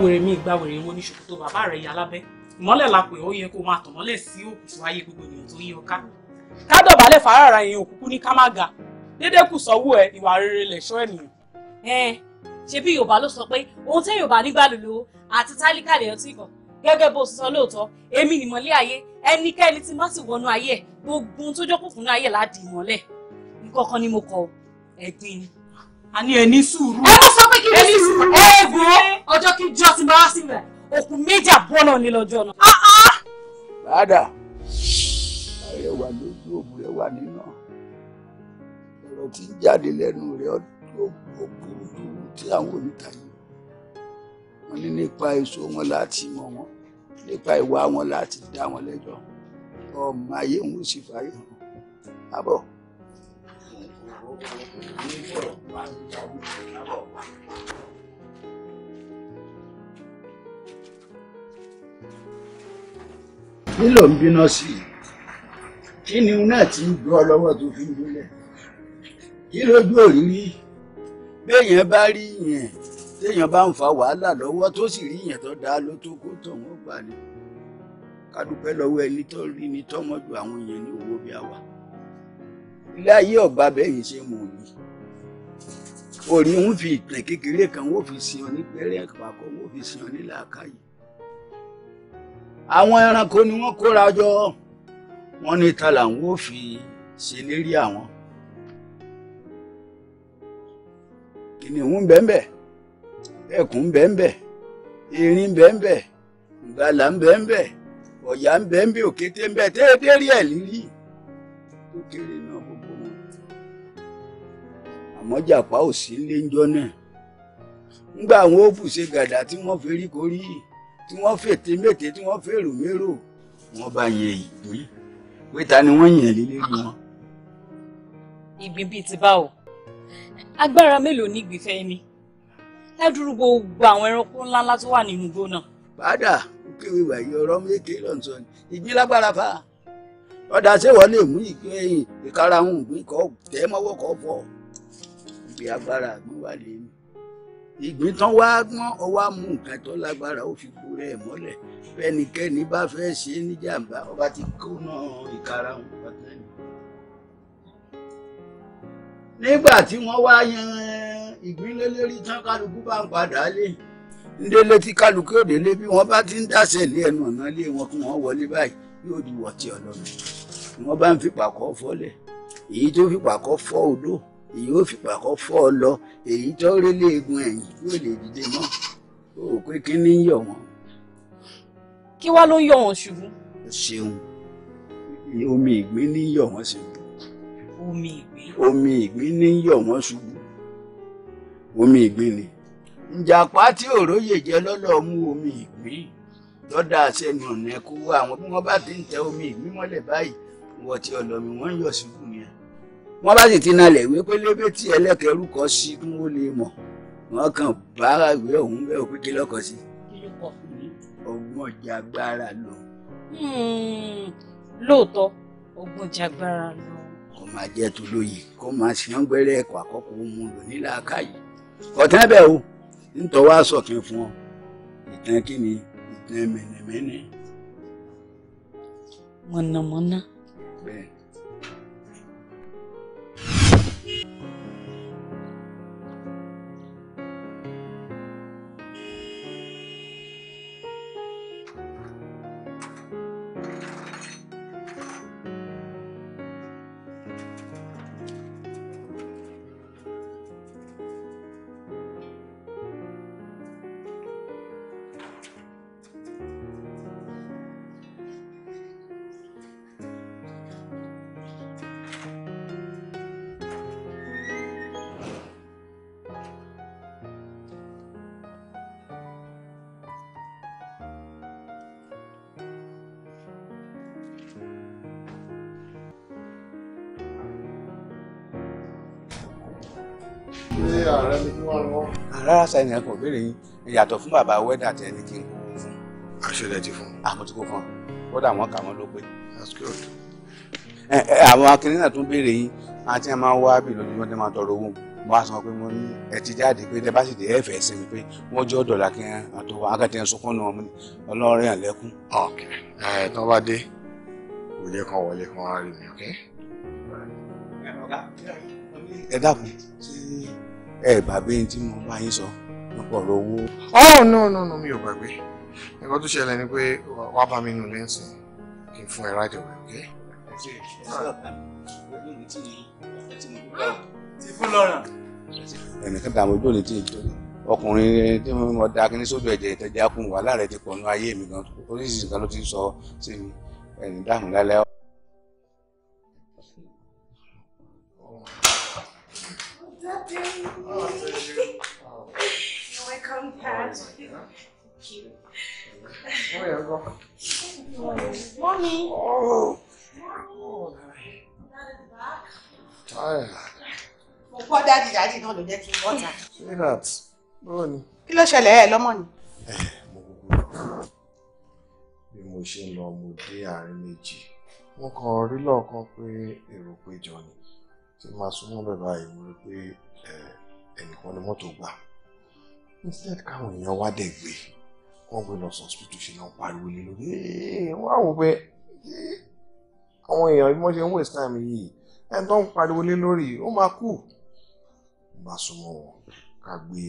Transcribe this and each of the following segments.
wèrè mi ìgbà wèrè wo ní ṣòkòtò bàbá rẹ̀ yà lábẹ́ ìmọ́lẹ̀ la pè ó yẹ kó máa tàn mọ́lẹ̀ sí òkùnkùn ayé gbogbo ènìyàn tó yí ọká ká dọ̀bálẹ̀ fàárà èèyàn òkùnkùn ní ká má ga dédé kù sọ́wọ́ ẹ ìwà rere lẹ̀ṣọ́ ènìyàn. ẹ ṣe bí yorùbá ló sọ pé ohun tẹ́ yorùbá nígbà lòlò àti tálíkà lèèyàn tí kàn gẹ́gẹ́ bó sọ lóòótọ́ èmi nìmọ́lẹ̀ ayé ẹnikẹ́ni tí má sì wọnú ayé ẹ̀ gbogbo ohun tó jókòó fún ayé ládìí ìmọ́lẹ̀ nǹkan ni mo kọ ẹ̀gbin ni àní ẹni sùúrù. ẹ má sọ pé kí ẹni sùúrù ẹ gbó ọjọ́ kí jọ́ ti máa síbẹ̀ òkú méjì àbọ́nà ni lọ́jọ́ náà. Ah, ah. bàdà ààrẹ wà lójú òbú rẹ wà nínà ọ̀rọ̀ tí ń jáde lẹ́nu rẹ ọdún òbúrúdúrú tí àwọn onítàyè wọn ní nípa èso wọn láti mọ̀ wọn nípa ìwà wọn láti dá wọn lẹ́jọ́ ọmọ ayé ń sì fàyè hàn ábọ̀ kí ló ń bínú sí i kí ni iná ti ń gbọ́ lọ́wọ́ tó fi ń gúnlẹ̀ kí lójú òrírí béèyàn bá rí yẹn téèyàn bá ń fa wàhálà lọ́wọ́ tó sì rí yẹn tó dáa ló tó kó tọ̀wọ́n gbà ní kádùpẹ́ lọ́wọ́ ẹni tó rí ni tọ́mọ́jú àwọn èèyàn ní owó bí a wà ilé ayé ọba bẹ́yìn ṣe wò yí orí ń fi ìtàn kékeré kan wọ́n fi sin ọ ní pẹ́rẹ́ àpapọ̀ wọ́n fi sin ọ ní làákàyè àwọn ẹranko ni wọ́n kóra jọ wọ́n ní ta làwọn ò fi ṣèlérí àwọn kìnìún bẹ́ẹ̀ ẹkùn bẹ́ẹ̀ erin bẹ́ẹ̀ ìgbàlà bẹ́ẹ̀ ọ̀yà bẹ́ẹ̀ òkété bẹ́ẹ̀ tẹ́ẹ̀dẹ́rì ẹ̀ lírí àmọ́ pa ò sí léńjọ́ náà ńgbà àwọn òfù ṣe gàdá tí wọ́n ferí korí tí wọ́n fètè mètè tí wọ́n fèrò mérò wọ́n bá yẹ ìgbín pé ta ni wọ́n yàn lílé wọn. ìgbín bíi ti báwo agbára mélòó ní ìgbìfẹ́ mi ládùúrú gbogbo àwọn ẹranko ńláńlá tó wà nínú igbó náà. padà ó kéwì wàyí ọ̀rọ̀ méje lọ́nṣọ́ ni ìgbín lágbára fa ọ̀dà ṣé wọ́n lè mú ìgbín ẹ̀yìn ìkarahun ìgbín kọ́ tẹ́ mọ́wọ́ kọ́ fọ́ pé agbára àgbọn wà lẹ́nu ìgbín tán wá gbọ́n ọwá mú nǹkan tó lágbára ó fi kú rẹ̀ mọ́lẹ̀ fẹ́nikẹ́ni bá fẹ́ ṣe é níjàmbá ọba ti kóná ìkarahun pátá ni. nígbà tí wọ́n wá yan ìgbín lélẹ́rí tán kálukú bá ń padà lé ndélé tí kálukú òde lé bí wọ́n bá ti ń dàṣẹ̀ lé ẹnu ọ̀nà lé wọn kí wọ́n wọlé báyìí yóò di wọ̀tí ọlọ́run wọ́n bá ń fipá kọ́ fọ́lẹ̀ èyí tó fipá kọ́ fọ́ odó èyí ò fìgbà kan fọ́ ọ lọ èyí tó rí léegun ẹ̀yìn yóò lè dìde mọ́ o ò pé kí ni ń yọ̀ wọ́n. kí wá ló ń yọ̀ wọ́n ṣubú. ṣeun omi ìgbín ní yọ̀ wọ́n ṣubú. omi ìgbín. omi ìgbín ní yọ̀ wọ́n ṣubú omi ìgbín ni. ǹjàpá tí òróyè jẹ lọ́lọ́ mú omi ìgbín lọ́dà sẹ́nu ọ̀nà ẹ̀kú àwọn bí wọ́n bá ti ń tẹ omi ìgbín mọ́lẹ̀ báyìí wọ́n ti ọ̀lọ́mi wọ́n ń yọ̀ ṣubú yẹn wọ́n bá sì ti nalẹ̀ wí pé lébé tí ẹlẹ́kẹ̀rú kọ sí kí wọ́n lè mọ̀ wọ́n kàn bára ìwé ọ̀hún bẹ́ẹ̀ òpin kí lọ́kọ̀ sí. ọgbọ́n jagbára lọ. Hmm, lóòótọ́ ọgbọ́n jagbára lọ. kò máa jẹ́ tó lóye kó máa ṣàn gbẹ́rẹ́ ẹ̀kọ́ àkọ́kọ́ mu lò nílà káyì. ọ̀tán bẹ́ẹ̀ o nítorí wàá sọ̀kin fún ọ ìtàn kí ni ìtàn mẹ̀nẹ̀mẹ̀nẹ̀. mọ̀nàmọ́ná. bẹ́ẹ̀ ansa ẹnì kan òbéèrè ìyàtọ̀ fún bàbá wẹ́dà tí ẹni kí n kó fún. àṣẹlẹ ti fún. àmọtíkó ah, fún kódà wọn kà wọn ló pé. that's good. àwọn akínní náà tún béèrè yín àti ẹ máa ń wá bí lójúmọ́ tí máa tọrọ owó mo á sọ pé mo ní ẹ ti jáde pé tẹ bá sì dé ẹ fẹ́ sinmi pé wọ́n jọ́ dọ̀là kí n àtọ́ akẹ́tẹ́ ń sunkún náà mi ọlọ́rin àlẹ́kùn. ẹ tán bá dé ìwé kan wọlé kan wá rí mi ẹ dákun ẹ gbàgbé tí mo bá yín sọ nípa ọ̀rọ̀ owó. oh no no no mi ò gbàgbé nǹkan tó ṣẹlẹ̀ ni pé wàá bá mi nù lẹ́sìn kí n fún ẹ rájọ rẹ ok. ẹnìkan dààmú ojú òní tí ì jọ ọkùnrin tí mo da kí ní sódò ẹ̀jẹ̀ ìtẹ̀jẹ̀ akùn wàhálà rẹ̀ ti pọ̀ nú ayé mi gan oríṣiríṣi nǹkan ló ti sọ sí mi ẹ̀yìn dáhùn lálẹ́ You're welcome, Dad. Thank you. Oh, yeah, go. Mommy. Oh. Oh, Daddy. Tired. Mo pọ́ dáàdì dáàdì náà ló jẹ́ kí n bọ́ta. Sinat, báwo ni? Kí ló ṣẹlẹ̀ ẹ lọ́mọ ni? Mo gbogbo bí mo ṣe ń lọ mo dé àárín méjì. Wọ́n kan rí lọ́ọ̀kan pé èrò péjọ ni. Tí màá súnmọ́ bẹ̀ báyìí mo rí pé eh, ẹnìkan ni mọ́tò gbà instead káwọn èèyàn wá dẹ̀ gbé wọ́n gbé lọ sọ́sìpìtì ṣe náà pariwo lé lórí wọ́n á wò pé àwọn èèyàn bí wọ́n ṣe ń waste time yìí ẹni tó ń pariwo lé lórí ó máa kú bá súnmọ́ wọn ká gbé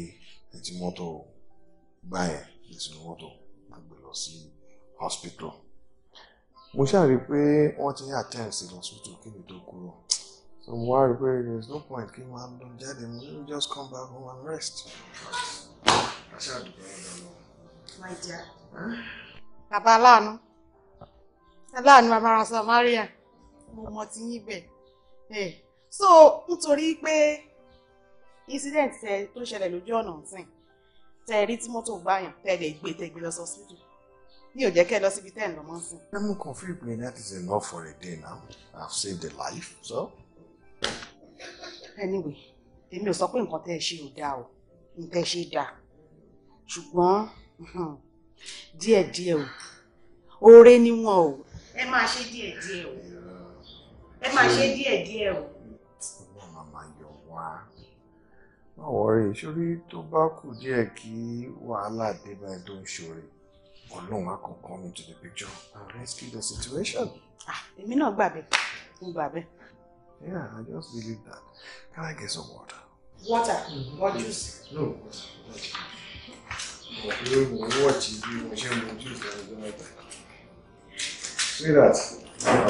ẹtí mọ́tò gbá yẹn lè mọ́tò ká gbé lọ sí hospital mo ṣáà rí i pé wọ́n ti attend sí hospital kí ni tó kúrò. So mo wá rí no point Come on, don't lọ him. mo ní just come back home and rest. My dear. Bàbá aláàánú. Aláàánú bàbá ara Samaria. Mo mọ ti yín bẹ̀. Eh, so nítorí pé incident tó ṣẹlẹ̀ lójú ọ̀nà ọ̀sìn tẹ rí tí mọ́tò báyàn tẹ lè gbé tẹ gbé lọ sọ síbi mi ò jẹ́ kẹ́ lọ síbi tẹ́ ń lọ mọ́ sí. I'm confused that is enough for a day now I've saved a life so anyway èmi ò sọ pé nǹkan tẹ́ ẹ ṣe ò dáa o nǹkan tẹ́ ẹ ṣe dáa ṣùgbọ́n díẹ̀díẹ̀ o oore níwọ̀n o ẹ máa ṣe díẹ̀díẹ̀ o ẹ máa ṣe díẹ̀díẹ̀ o. ọlọ́run màmá yọ wá má wọrí sórí tó bá kù díẹ̀ kí wàhálà dé bá ẹ tó ń ṣòro ọlọ́run á kàn come into the picture and rescue the situation. Ah, èmi náà gbà bẹ́ẹ̀ ń gbà bẹ́ẹ̀. Yeah, I just believe that. Can I get some water? Water? mm What juice? No, water. What is you want What juice? See that? Now,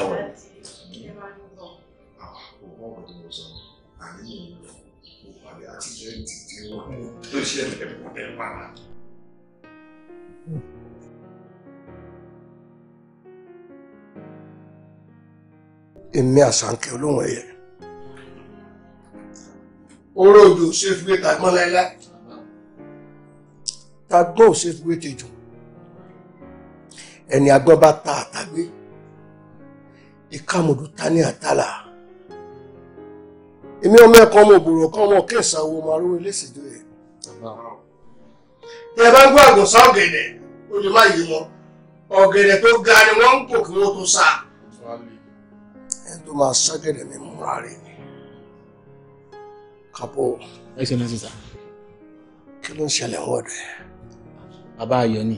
what was it? I didn't know. I èmi àṣàǹkẹ́ olóhùn ẹ̀yẹ. oró òjò ṣe fi gbé tagbọ́n láíláí tagbọ́n ò ṣe fi gbé tejò ẹni agbọ́n bá ta àtàgbé ìkàmùdù ta ní àtàlà èmi ọmọ ẹ̀kọ́ ọmọ òbúrò kan ọmọ kẹsàn-án wo máa rówó lẹ́sìndó yẹn. tẹ bá ń gbọ́ àgùnsá ọ̀gẹ̀dẹ̀ ó lè má yé wọn ọ̀gẹ̀dẹ̀ tó ga ni wọ́n ń pò kí wọ́n tó sáà ẹni tó máa ṣọ́gẹ̀dẹ̀ mi múra rẹ̀ ni kapo. excellence sir. kí ló ń ṣẹlẹ̀ ọ̀dọ̀ ẹ̀. bàbá ayọ̀ ni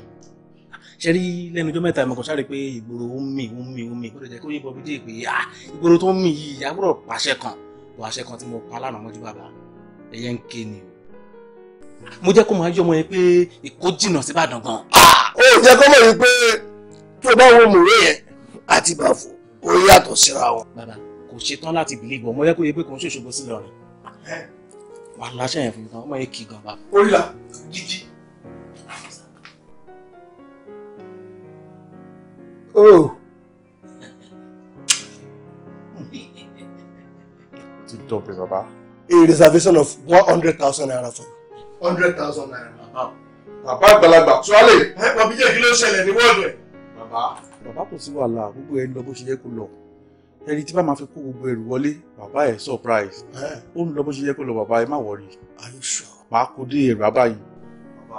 ṣe rí lẹ́nu ọjọ́ mẹ́ta ìmọ̀kàn sáré pé ìgboro ń mì ń mì ń mì kó lè jẹ́ kó yé bọ́bí dé pé à ìgboro tó ń mì yìí àbúrò pàṣẹ kan bọ̀ àṣẹ kan tí mo pa lánàá mọ́jú bàbá ẹ̀yẹ ń ké ni mo jẹ́ kó máa yọ ọmọ yẹn pé èkó jìnnà sí Ìbàdàn gan. Ah! ó jẹ́ kó mọ̀ wípé tó bá wo mòró yẹn àti bàfọ́ ó yàtọ̀ síra wọn. bàbá kò ṣetán láti bìlíìgbọ̀ ọmọ yẹ kó yẹ pé kò ń ṣòṣogbo sí lọrin. wà á láṣẹ yẹn fún mi kan ọmọ yẹ kí gan bàbá. ó là gidi. oh. ti dọ̀bẹ̀ bàbá. a reservation of one hundred thousand naira for you. hundred thousand naira. bàbá àgbàlagbà tí wàá lè. ẹ wàá fi jẹ́ kí ló ṣẹlẹ̀ ní wọ́ọ̀dù ẹ̀ bàbá. bàbá kò sí wàhálà gbogbo ẹni lọ bó ṣe yẹ kó lọ ẹni tí bá máa fi kó gbogbo ẹrù wọlé bàbá ẹ surprise eh. ó ń lọ bó ṣe yẹ kó lọ bàbá ẹ má wọrí. are you sure. kó dé ẹrù abáyé. bàbá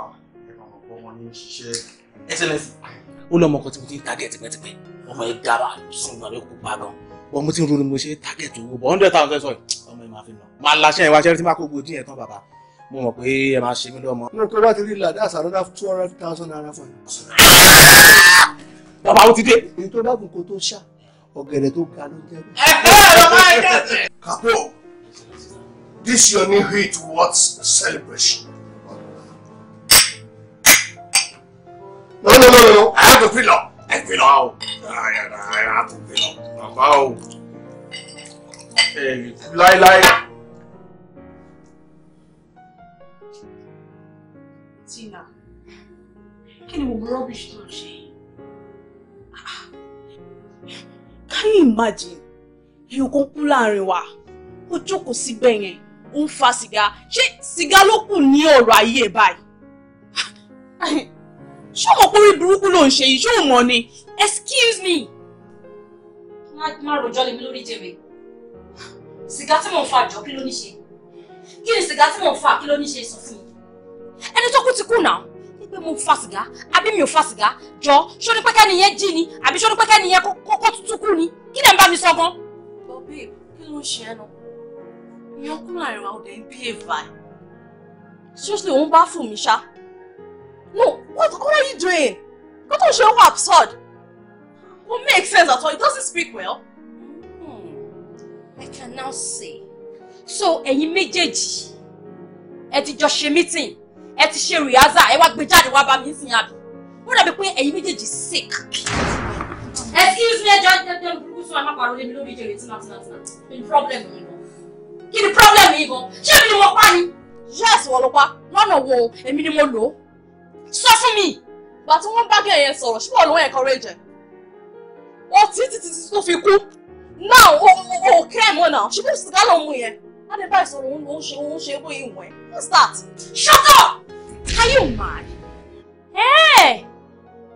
ẹ máa mọ̀ pé ọmọ ní ṣiṣẹ́. sms ó lọ́mọ kan tí mo ti ń target tipẹ́tipẹ́ ọmọ ẹ gara sùn náà ló pa gan wọn mo ti ń ronú mo ṣe target owó bọ̀ hundred thousand sọ ọmọ ẹ máa fi nà máa laṣẹ ìwà ṣẹlẹ tí máa kó gbòdì yẹn tán bàbá mo mọ̀ pé ẹ máa ṣe mí lọ́mọ. nínú pé bá ti rí ìlà that's another two hundred thousand naira for you bàbá ó ti dé. èyí tó dágùn kó tó ṣá ọ̀gẹ̀dẹ̀ tó ga ló jẹ́. kapo this your new hit worth celebration. no no no no i have to fill up i fill up i have to fill up bàbá o láíláí. Tina, kí ni mo rọ́bìṣì tó ń ṣe yìí? Can you imagine? You kan kú láàrin wa, ó jókòó síbẹ̀ yẹn, ó you fa sìgá. Ṣé sìgá ló kù ní ọ̀rọ̀ ayé báyìí? Ṣé o mọ̀ pé orí burúkú ló ń ṣe yìí? Ṣé o mọ̀ ni? Excuse me. Má rojọ́ lé mi lórí jèrè. Sìgá tí mò fa jọ kí ló ní ṣe? Kí ni sìgá fa kí ló ní ṣe sọ fún mi? Ẹni ti kú náà pé mo fa sìgá àbí mi ò fa sìgá jọ ṣó ní pẹ́kẹ́ nìyẹn jí ni àbí ṣó ní pẹ́kẹ́ nìyẹn kókó tútú kú ni kí lẹ́ ń bá mi sọ gan. bọ́bí kí ló ń ṣe ẹnu ìyẹn kúrò àríwá ọdẹ ń bí èèvà ẹ seriously òun bá fún mi ṣá no what what are you doing kó tó ń ṣe owó absurd kò make sense at all it doesn't speak well. Hmm. I can now see so ẹ̀yin méjèèjì ẹ ti jọ ṣe meeting ẹ ti ṣe rìhásà ẹ wá gbé jáde wá bá mi sìn àbí ó dàbí pé ẹ̀yin méjèèjì sick. excuse me ẹjọ ẹjọ burúkú sọ àmà pàrọ̀ lèmi lórí ìjẹrè tí màtí màtí màtí kí ni problem yìí gan kí ni problem yìí gan ṣé èmi ni mo pa ni. yes wọ́n ló pa lọ́nà wo èmi ni mo lò ó sọ fún mi ìgbà tí wọ́n bá gẹ̀ yẹn sọ̀rọ̀ ṣé wọ́n ló ń encourage ẹ̀ ó tí títí tó fi kú náà ó kẹ́ ẹ̀ mọ́ náà ṣé bí sìgá ló mú yẹn á lè bá ìṣòro òun ṣe òun ṣe é bóyá ìwọ̀n ẹ̀ what's that shut up. Are you mad? Hey!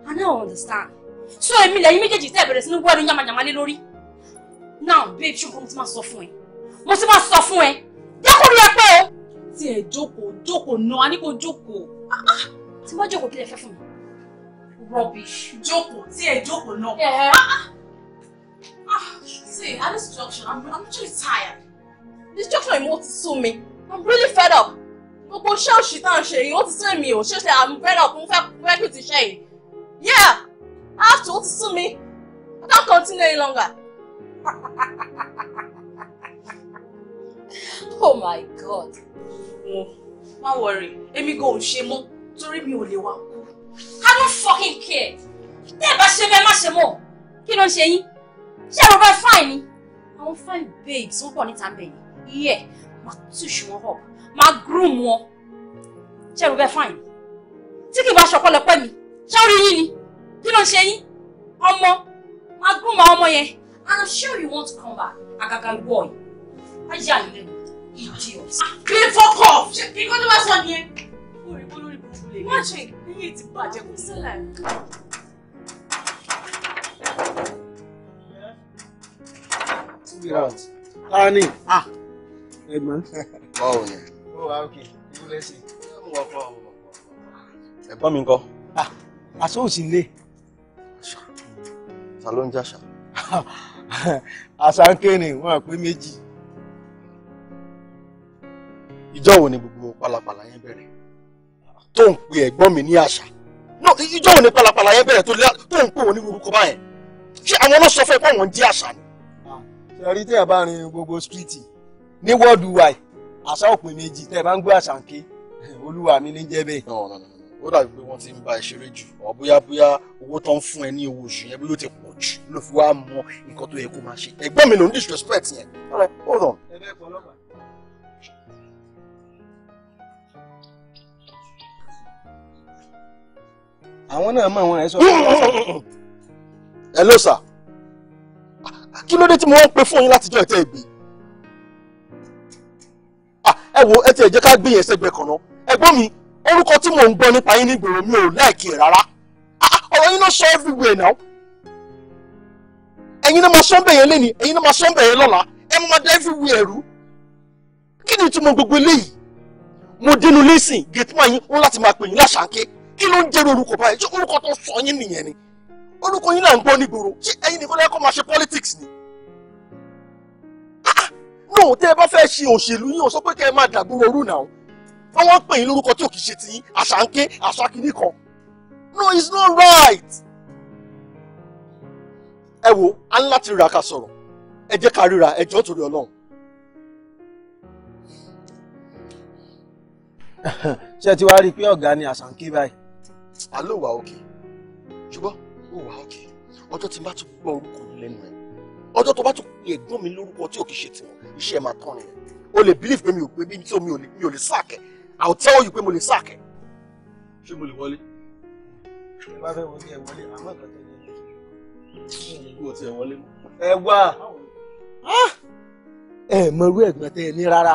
I don't understand. So èmi lẹ́yìn méjèèjì tẹ́ bẹ̀rẹ̀ sínú wẹ́nu yamayama lé lórí. Now babe ṣùgbọ́n mo ti máa sọ fún ẹ. Mo ti máa sọ fún ẹ. Dẹ́kùnrin ẹ pé o. Tí ẹ jókòó joko, náà, a ní kó jókòó. Ah, ah, tí wọ́n jókòó kí lẹ fẹ́ fún mi. Rubbish. Jókòó tí ẹ ah, See, I'm just joking. I'm, I'm actually tired. This joke junction remote is so me. I'm really fed up gbogbo ṣọ́ọ̀ṣì tá à ń ṣe yìí ó ti sún èmi ò ṣẹ̀ṣẹ̀ àmúbẹ́rẹ́ ọ̀kún fẹ́ kí ti ṣe yìí yeah after ó ti sún mi I can't continue any longer. oh my god. mo má wọrí èmi gan ò ṣe mọ́ torí mi ò lè wá kú. I don't fucking care. tẹ́ ẹ bá ṣe bẹ́ẹ̀ má ṣe mọ́ kí ló ń ṣe yín ṣé ẹ̀rọ bá fine ni. àwọn fine babes wọ́n pọ̀ níta ń bẹ̀ yìí yẹ màá túṣu wọn máa groom wọn ṣé ẹ̀rù bẹ́ẹ̀ fáìn tí kì bá ṣọpọlọpẹ mi sọ́rí yín ni kí ló ń ṣe yín ọmọ máa groom àwọn ọmọ yẹn and I'm sure you want to come back àgàgà ìwọ yìí á yà yín lẹ́nu idiot. Ah, clean fok off ṣe kí kó tó bá sọ nìyẹn. mo rí bó lórí burúkú lè rí. wọ́n ṣe ìpínlẹ̀ ti bàjẹ́ kò sílẹ̀. sweetheart. Ani. Ah. Ẹ̀gbọ́n. Báwo ni? ẹ̀gbọ́n mi ńkọ́. àṣọ ah, òsì lè. ta ló ń jàṣà. àṣà ń kéne wọn pé méjì. ìjọ wo ni gbogbo pálapàla yẹn bẹ̀rẹ̀ tó ń pe ẹ̀gbọ́n mi ní àṣà ìjọ wo ni pálapàla yẹn bẹ̀rẹ̀ tó ń pè wọ́n ní orúkọ báyẹn ṣé àwọn náà sọ fún ẹ pé jẹ́ àṣà ni. Ah, ṣe rí tí a bá rin gbogbo stíìtì ní wọ́ọ̀dù wáyé àṣà òpin méjì tẹ́ ẹ bá ń gbé àṣàǹké olúwa mi ní jẹ́ bẹ́ẹ̀. ó dàbí pé wọ́n ti ń ba ìṣeré jù ọ̀ bóyá bóyá owó tó ń fún ẹ ní owó oṣù yẹn bí ló ti pọ̀ jù ló fi wá mọ nǹkan tó yẹ kó máa ṣe ẹ̀gbọ́n mi ló ń disrespect yẹn. hold on. àwọn náà mọ àwọn ẹ sọ. hello sir kí ló dé tí mo wá ń pe fún yín látijọ́ ìtẹ́ ìgbì ẹ wo ẹ ti ẹ jẹ́ ká gbé yẹn sẹ́gbẹ̀ẹ́ kan náà ẹ̀gbọ́n mi orúkọ tí mò ń gbọ́ nípa yín nígboro mi ò láìkí ẹ̀ rárá ah, ọ̀rọ̀ yín náà sọ everywhere now ẹ̀yin náà máa sọ bẹ̀yẹn lẹ́ni ẹ̀yin náà máa sọ bẹ̀yẹn lọ́la ẹ máa dá everywhere rú kí ni ìtumọ̀ gbogbo eléyìí mo dénú lẹ́sìn gẹ̀tùmọ̀ yín wọn láti máa pè yín láṣàkẹ́ kí ló ń jẹ́rọ orúkọ báyìí ṣé orúkọ tó sọ yín nìyẹn ni orúkọ yín náà ń gbọ́ nígboro ṣé ẹ̀yin nìkan lẹ́kọ̀ọ́ máa ṣe politics ni no tẹ́ ẹ bá fẹ́ ṣe òṣèlú yín o sọ pé kẹ́ ẹ máa dàgbúrò orú náà wọ́n wọ́n pè yín lórúkọ tí ò kì í ṣe ti yín àṣàǹké àṣàkìní kan no it's not right. ẹ wo a ń láti rà ká sọ̀rọ̀ ẹ jẹ́ ká ríra ẹ jọ̀ọ́ torí ọlọ́run. ṣé ti wá rí i pé ọ̀gá ni àṣàǹké báyìí. àlọ́ wà òkè ṣùgbọ́n ó wà òkè ọjọ́ tí bá tún gbọ́ orúkọ lẹ́nu ẹ̀ ọjọ́ tó bá tún pè ẹ̀gbọ́n mi lórúkọ tí ò kì í ṣe tiwọn iṣẹ́ ẹ̀ máa tán nìyẹn o lè believe pé mi ò pé bí tí mi ò lè sáàkẹ́ I will tell you pé mo lè sáàkẹ́. ṣé mo lè wọlé. bá fẹ́ wọlé ẹ wọlé àmọ́ kan tẹ̀lé ẹ. bí o ti ẹ wọlé. ẹ wá ah! ẹ mọ irú ẹ̀gbọ́n tẹ ẹ ní rárá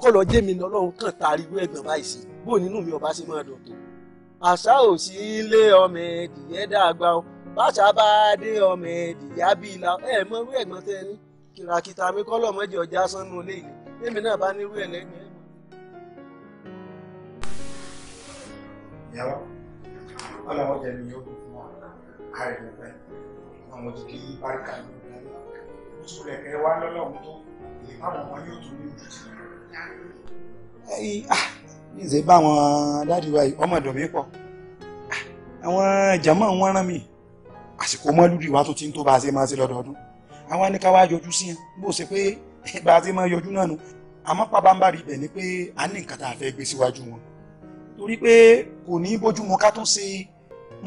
kọ́ lọ jẹ́ mi lọ́lọ́run kàn taari irú ẹ̀gbọ́n báyìí sí bó nínú mi ọba ṣe máa dọ̀tọ̀ àṣà òsì ilé ọmọ ẹ̀dìyẹ dàgbà o láṣà bá dé ọmọ ìyá bi la irú ẹ̀gbọ́n tẹ ní kìràkìtà mi kọ́ lọ́mọdé ọjà sánú ilé lèmi náà bá nírú ẹ̀ lẹ́gbẹ̀ẹ́. ìyàwó ọlọ́wọ́ jẹ mi yóò fún ọ àìrò pẹ́ àwọn òjìké báríkà ní oṣù rẹ̀ wá lọ́lọ́run tó ọmọ yóò tún ní ojú ti ní ìṣe báwọn yìí ọmọ pọ̀ àwọn wọn rán mi. àsìkò mọ́lúdì wa tó ti ń tó bá a ṣe máa ṣe lọ́dọọdún àwa ní ká wá yọjú sí yẹn bó ṣe pé bá a ṣe máa yọjú náà nu àmọ́ pàbámbarì ibẹ̀ ni pé a ní nǹkan tá a fẹ́ gbé síwájú wọn torí pé kò ní bójú mu ká tún ṣe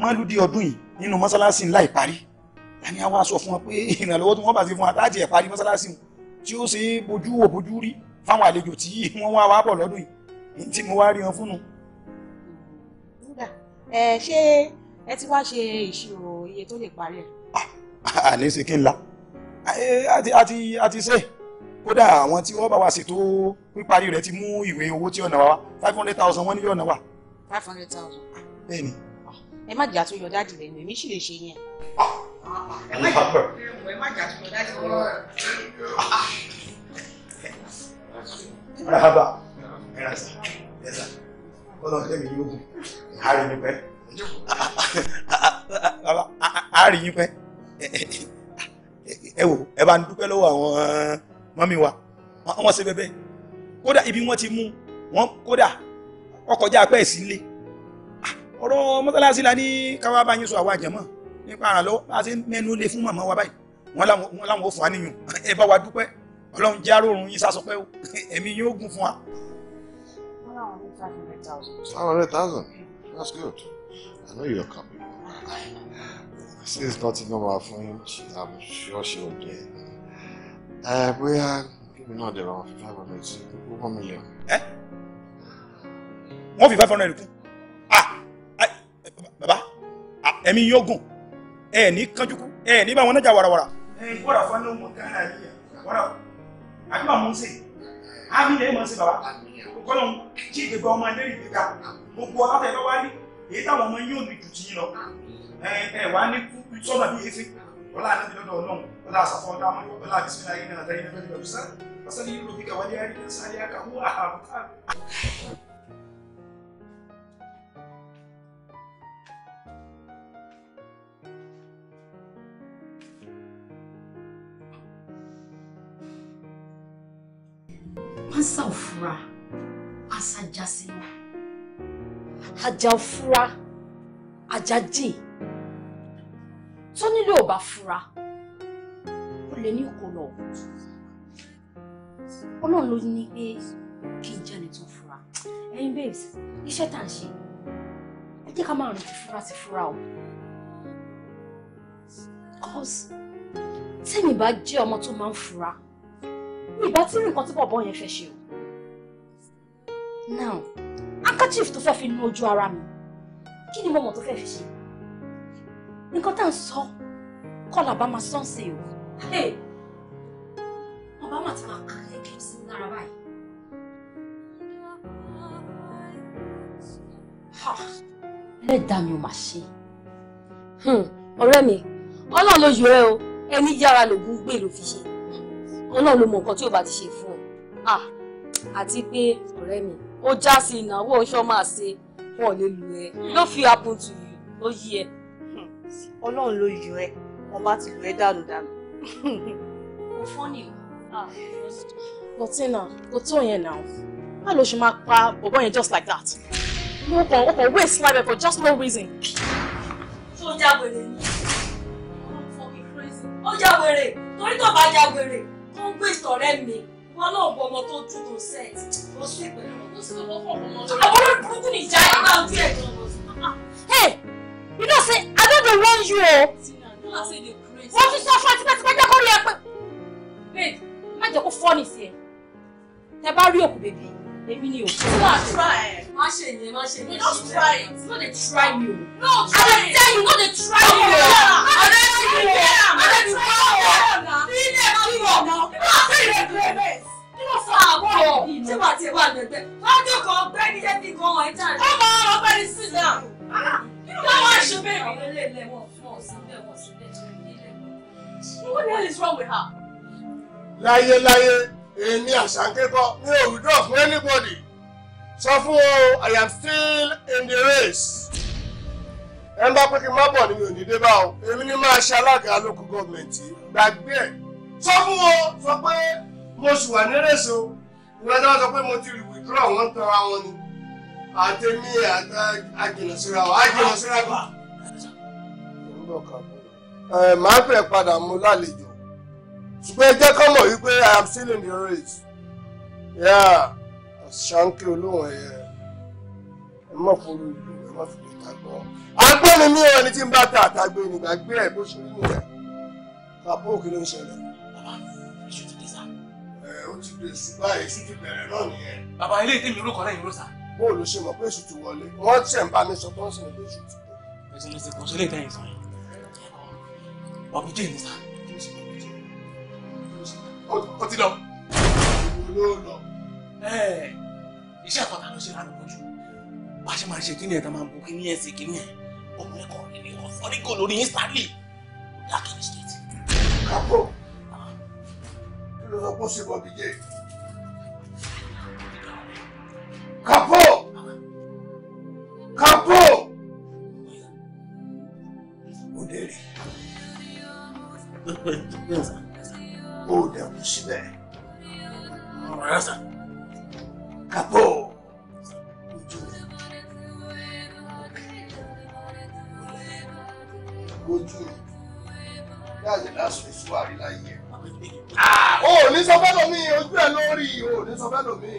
mọ́lúdì ọdún yìí nínú mọ́ṣáláṣí ńlá ìparí àní àwa sọ fún wọn pé ìrànlọ́wọ́ tí wọ́n bá ṣe fún wa láti ẹ̀parí mọ́ṣáláṣí tí ó ṣe bójú wò bójú rí fáwọn àlejò tí wọ́n wá wá bọ̀ lọ́dún yìí tí mo wá rí ẹ ti wá ṣe ìṣirò iye tó lè parí ẹ̀. Ah, àní sí kí n la eh, a ti ṣe kódà àwọn tí wọ́n bá wa ṣètò píparí rẹ̀ ti mú ìwé owó tí ọ̀nà wa wá five hundred thousand wọ́n ní yọ̀ọ̀nà wa. five hundred thousand. Ah, bẹ́ẹ̀ ni. ẹ má jà tó yọ dájú lẹ́nu èmi sì lè ṣe yẹn. Ah, ẹ má jà tó yọ dájú lẹ́nu. ọlọ́run tẹ̀mí yóò gùn ìhárí ni pẹ́ a rí yín pẹ́ ẹ wò ẹ bá ń dúpẹ́ lọ́wọ́ àwọn mọ́mí wa wọ́n ṣe bẹ́ẹ̀ kódà ibi wọ́n ti mú wọ́n kódà ọkọ̀ já pẹ́ sílé ọ̀rọ̀ mọ́tàlásí la ní káwá bá yín sọ àwọn àjẹmọ́ nípa àrànlọ́wọ́ bá a ṣe mẹ́nu lé fún màmá wa báyìí wọ́n láwọn ò fún níyùn ẹ bá wa dúpẹ́ ọlọ́run jẹ́ àròrùn yín sásọpẹ́ o ẹ̀mí yóò gùn fún wa. five hundred thousand. five hundred thousand that's good. I know you're coming. Since nothing normal fún yín, I'm sure she will do it. Ẹ bóyá kí mi náà dẹ̀rọ àwọn fífi five hundred sí ogún mílíọ̀n. Ẹ wọ́n fi five Eh, kún. Bàbá ẹ̀mí yóò gùn ẹ̀ ní kánjú kú ẹ̀ ní bá wọn nájà warawara. Ẹ gbọ́dọ̀ fún ẹni ọmọ Ghana yìí wọ́n àbí màá mú sí i. Àmì lè mọ̀ sí bàbá. Kọ́lọ́n jíjẹ gba ọmọ ẹlẹ́rìí gbẹ̀gà gbogbo ọlọ́tẹ̀ lọ́wọ́ á ní èyí táwọn ọmọ yóò dùn jù yín lọ ẹ wà ní kú sọ́nà bí efe ọlá àti ìdọ́dọ̀ ọlọ́run ọlá àsàfọ́ ọdá wọn ọlá àti sinmi ayé náà àtàyè náà fẹ́ẹ́ lọ́dún sáà ọ̀sán ní ìlú kíkà wọlé ayé náà sáré àkàwọ́ àbúkà. Pásá òfura, pásá jásí náà ajá ò fura ajá jìn tó nílé ò bá fura ó lè ní kò lọ ọlọ́run ló ní pé kí n jẹ́ni tó fura ẹyin babes iṣẹ́ tá à ń ṣe ẹ jẹ́ ká máa rìn ti fura ti fura o cause tẹ́mi bá jẹ́ ọmọ tó máa ń fura mi bá tí nǹkan tí bọ̀bọ̀ yẹn fẹ́ ṣe o now handkerchief tó fẹ́ fi nu ojú ara mi kí ni mo mọ̀ tó fẹ́ fi ṣe nǹkan tá à ń sọ kọ́là bá máa sàn sí o bàbá mà ti máa kàkẹ́ kí n sí lára báyìí. ẹlẹ́dàá mi ò mà ṣe. Hmm, ọ̀rẹ́ mi ọlọ́run ló yọ ẹ́ o ẹni yára lògùn gbé ló fi ṣe ọlọ́run ló mọ nǹkan tí ó bá ti ṣe fún ọ ah, àti pé ọ̀rẹ́ mi ó já sí ìnáwó oṣó máa ṣe wọn ò lè lù ẹ ló fi happen to you ó yí ẹ. ọlọ́run ló yọ ẹ wọn bá ti lù ẹ dànù dànù. mo fọ́ ni o. Ah, lọtínà o tó yẹn náà báwo ló ṣe máa pa bọ̀bọ̀ yẹn just like that mo kàn ó kàn waste life for just no reason. tó jágbèrè ni ó jágbèrè torí tó bá jágbèrè tó ń gbé ìtọ̀rẹ́ mi wọn náà bọ ọmọ tó dúró set ó sì pẹ̀lú. Àbúrò burúkú ni ìjà ẹ̀ máa ń bí ẹ̀jọ̀ lọ. Hey, you know say I don't dey warn you o. Wọ́n ti sọ fún ẹ tipẹ́tipẹ́ jẹ́ kó rí ẹ pé. Babe, má jẹ́ kó fọ́ọ̀nì call ẹ. Tẹ bá rí òkú bèbí, èmi ni o. Má try ẹ̀. Má ṣe yẹn, má try Not No try you. No try I dey tell you, not dey try you. wà tí wà lẹ́gbẹ́ lọ́jọ́ kan ọgbẹ́ ní yẹn ti gan ọ̀ ẹ̀ jáde. ó máa ń ọgbẹ́ ní sí náà. Ah, ah, kí ló máa ń ṣe ilé ilẹ̀ wọn fún ọ síbẹ̀ wọn síbẹ̀ ilé wọn. what the hell is wrong with her? láyéláyé èmi àṣàkékọ mi ò rí dọ̀ fún anybody sọ fún o I am still in the race ẹ ń bá pé kí n má bọ̀ ni mi ò ní dé bá o èmi ni máa ṣe alága lókù gọ́ọ̀mẹ̀ntì gbàgbé ẹ̀ sọ fún o sọ pé mo ṣì wà ní rèso ìgbà tí wọ́n sọ pé mo ti withdraw wọ́n tọ́ ara wọn ni àtẹ̀mí àjìnà wa àjìnà síra wa. màá fẹ́ padà mú lálejò ṣùgbọ́n ẹ jẹ́ kọ́ mọ̀ wípé I am still in the race. ṣáńkì olóhùn ẹ̀yẹ ẹ mọ̀ fún olùdó ẹ mọ̀ fún ìtàgbọ́. àgbẹ̀ ni mí ẹni tí ń bá ta àtàgbé nígbà gbé ẹ̀ bó ṣe rí nìyẹn kàbó kí ló ń ṣẹlẹ̀ ti lè ṣù báyìí èṣù ti bẹ̀rẹ̀ náà nìyẹn. bàbá ilé ìdí mi orúkọ lẹ́yìn rosa. bó o lè ṣe mọ̀ pé èṣù ti wọlé wọ́n tiẹ̀ ń bá mi sọ tán sí mi pé èṣù ti wọlé. bẹ̀sẹ̀ ló ti kọ́ sílé ìtẹ́yìn sọ yẹn. ọ̀bí jẹ́ ìnísà. ó ti lọ. ló lọ. iṣẹ́ àkọ́tà ló ṣe lánàá kojú. wá ṣe máa ṣe kí ni ẹ̀ tá máa bu kí ni ẹ̀ sí kí ni ẹ̀ ọmọ ẹ̀kọ́ kí ló sọ pé ó ṣe bọ̀ bíjẹ́ kàpó kàpó ó dé rí ó dẹ̀kun síbẹ̀ kàpó ojú rẹ̀ ojú rẹ̀ láti lásìkò ìṣúwárí láyé ní sọ fẹ́ lómi ojú ẹ̀ lórí o ní sọ fẹ́ lómi.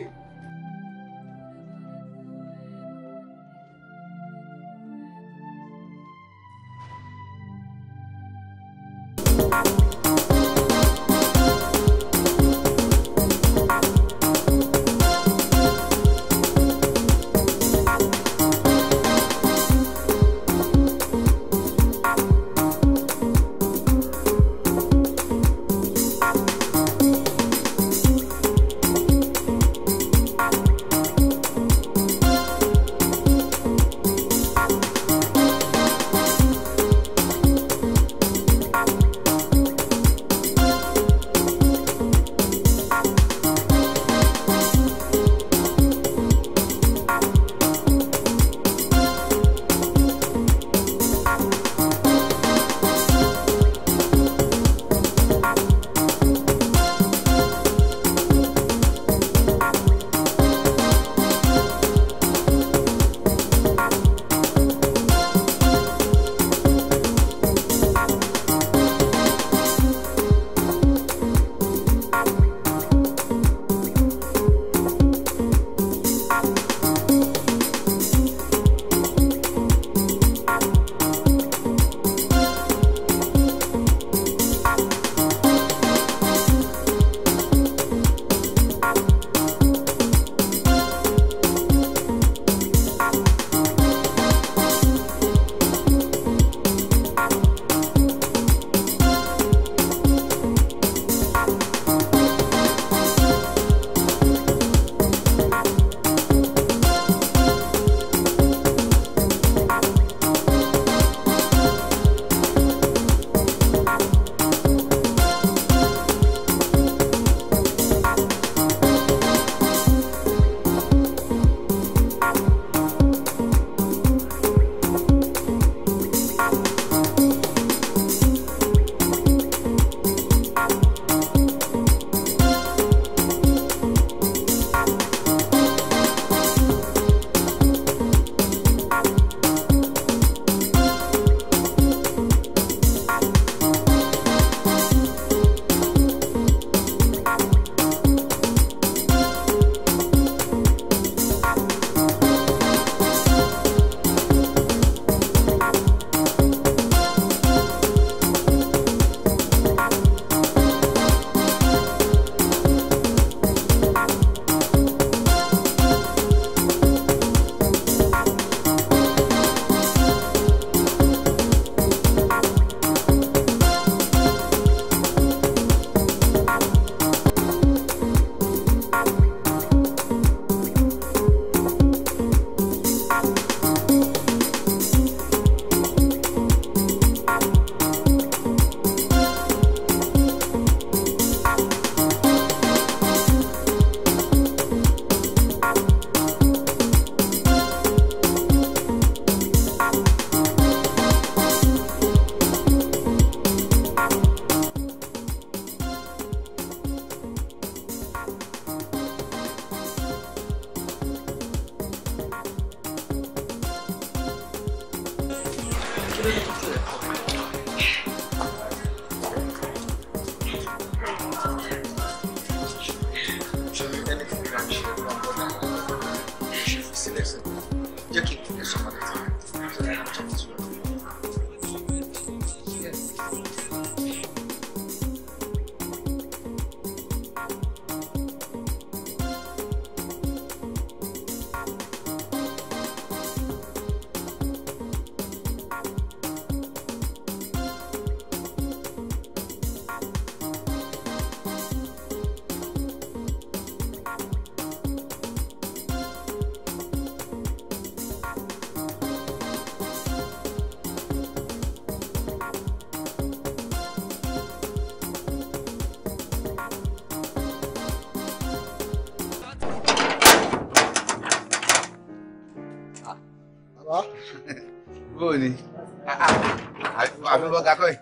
ọ̀gá kọ́ ẹ̀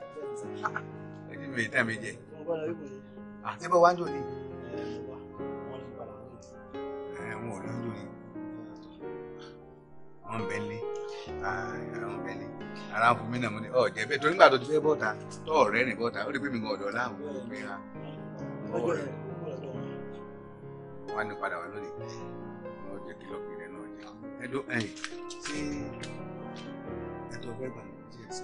ojú mi tẹ̀ mí jẹ. àti ah. bó wá ń jò ní. ẹ̀wọ̀n ò lójú ni wọ́n bẹ̀ lé ah, wọ́n bẹ̀ lé ara fún mi náà mo ní ọ̀ jẹ́ bẹ́ẹ̀ tó nígbà ti fẹ́ bọ́ta tó ọ̀rẹ́ rìn bọ́ta ó lè pè mí gan ọ̀dọ̀ láàmú mi ra ọ̀rẹ́ wọ́n á ní padà wá lónìí wọ́n jẹ́ kí lọ́kùnrin náà jẹ́ ẹ̀dọ́ ẹ̀yìn tí ẹ̀dọ́ fẹ́ bàmí díẹ̀ sí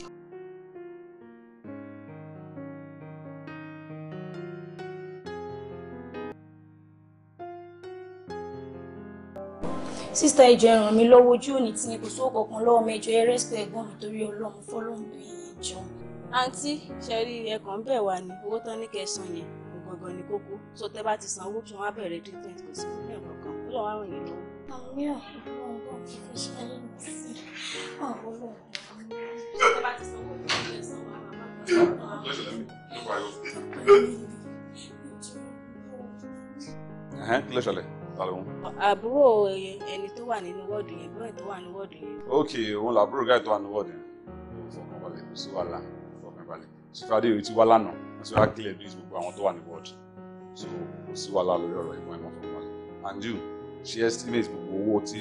sísá ẹjọ ẹ ràn mí lọ́wọ́ ojú òní tí kò sówó kankan lọ́wọ́ mẹjọ ẹ rẹ́sítọ̀ ẹ̀gbọ́n mi torí ọlọ́run fọlọ́run bí yẹn jẹun. àǹtí ṣẹ́rí ẹ̀kan bẹ́ẹ̀ wà ní owó tán ní kẹsàn yẹn gbọ̀ngàn ní kókó tó tẹ́ bá ti san owó tí wọ́n á bẹ̀rẹ̀ treatment kò sí fún ẹ̀kan kan ó lọ́wọ́ àrùn yìí lọ́wọ́. àmì ọ̀gbọ̀n mi fi ṣe é ní sí ọ̀rọ̀ lọ́wọ́ tó tẹ́ bá ti san owó tí wọ́n á bẹ̀rẹ̀ treatment kò sí fún ta ló ń. àbúrò ẹni tó wà nínú wọ́ọ̀dù yẹn bọ́ẹ̀ tó wà nínú wọ́ọ̀dù yẹn. ok òun làbúrò gáì tó wà nínú wọ́ọ̀dù yẹn fọkànbalẹ̀ kò sí wàhálà fọkànbalẹ̀ sọfẹ́ adéyẹ̀wò ti wá lánàá wọ́n ti wá kílẹ̀ bí gbogbo àwọn tó wà ní wọ́ọ̀dù so kò sí wàhálà lórí ọ̀rọ̀ ìmọ̀ ìmọ̀ fọkànbalẹ̀ and you she estimate gbogbo owó tí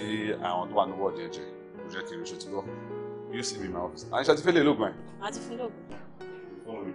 àwọn tó wà ní wọ́ọ̀dù yẹn jẹ kò jẹ́ kí irinṣẹ́ lọ you see me my office àyìnṣẹ́ ti fẹ́ lè lóògùn ẹ̀. àti fún lóògùn. fún mi.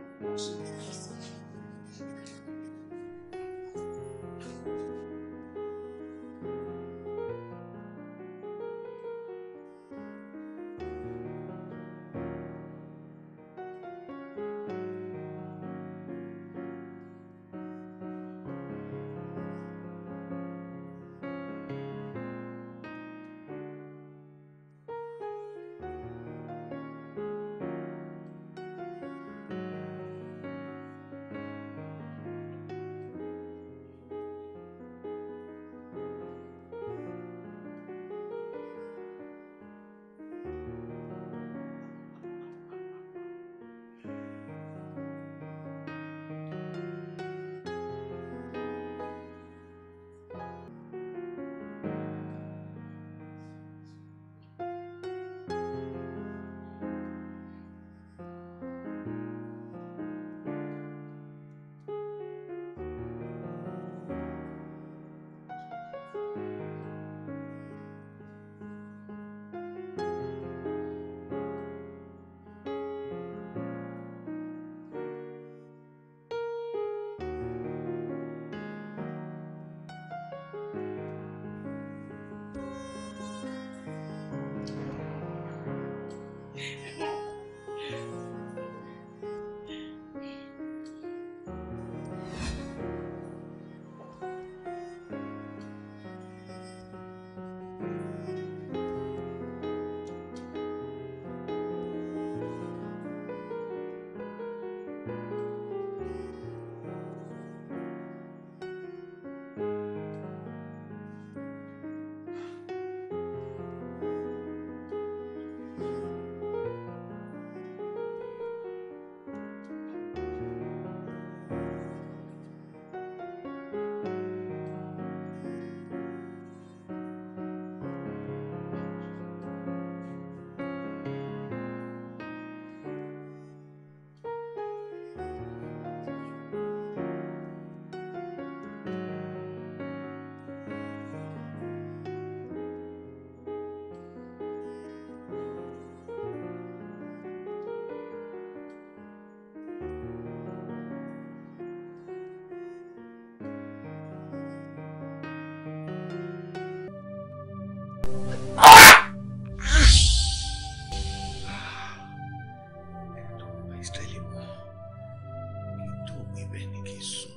isso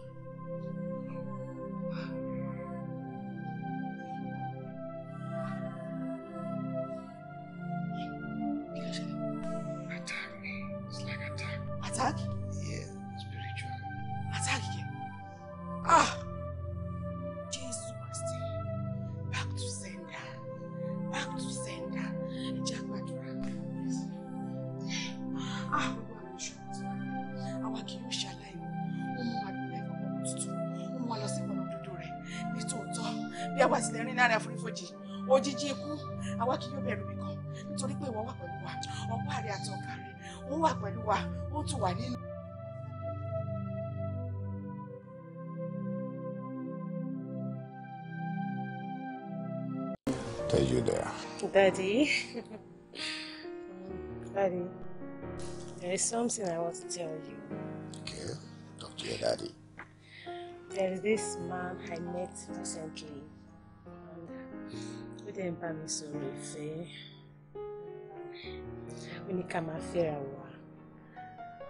wà sílẹ̀ rìn lára àforífojì òjijì ikú àwa kì yóò bẹ̀rù nìkan nítorí pé ìwọ wà pẹ̀lú wa ọwọ́ àrẹ àti ọ̀gá rẹ ó wà pẹ̀lú wa ó tù wá nínú. Are you there? Daddy. Daddy, there is something I want to tell you. Okay, talk to your daddy. There is this man I met recently tẹ́ ń bá mi sọ̀rọ̀ ìfẹ́ ó ní ká máa fẹ́ra wa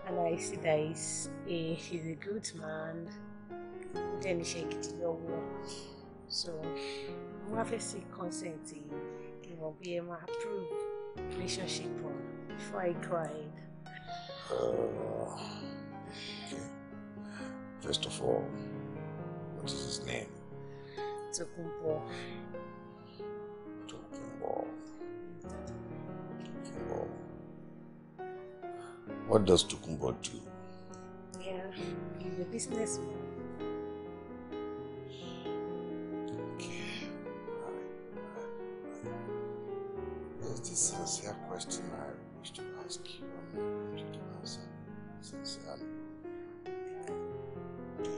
and I see that a good man ó jẹ́ níṣẹ́ gidi lọ́wọ́ so mo wá fẹ́ sí consent yìí kí wọ́n bí ẹ máa approve relationship wọn before I cried. Uh, First of all, what is his name? Tokunbo. What does Tukumbo do? Yeah, he's a businessman. Okay. There's this sincere question I wish to ask you and you answer sincerely. Do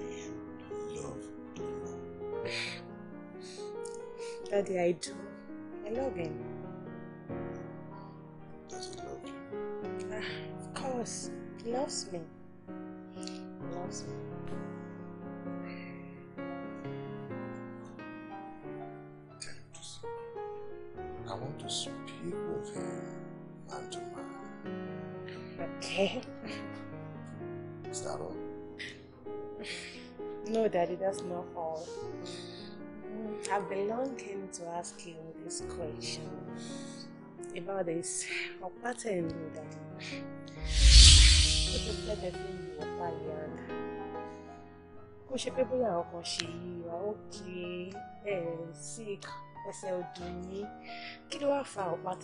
you love Daddy, I do. I love him. Does he love you? Ah, of course. He loves me. He loves me. Tell him to speak. I want to speak with him man to man. Okay. Is that all? No, Daddy, that's not all. I've been longing to ask you this question about this Opata and Buddha. Ó ti pẹ́ tẹ́tí ìlú ọ̀pá ìyára. Ó ṣe pé bóyá àwọn kan ṣe yí wa ó kiri ẹ̀ sí ẹsẹ̀ odò yìí. Kí ló wá fa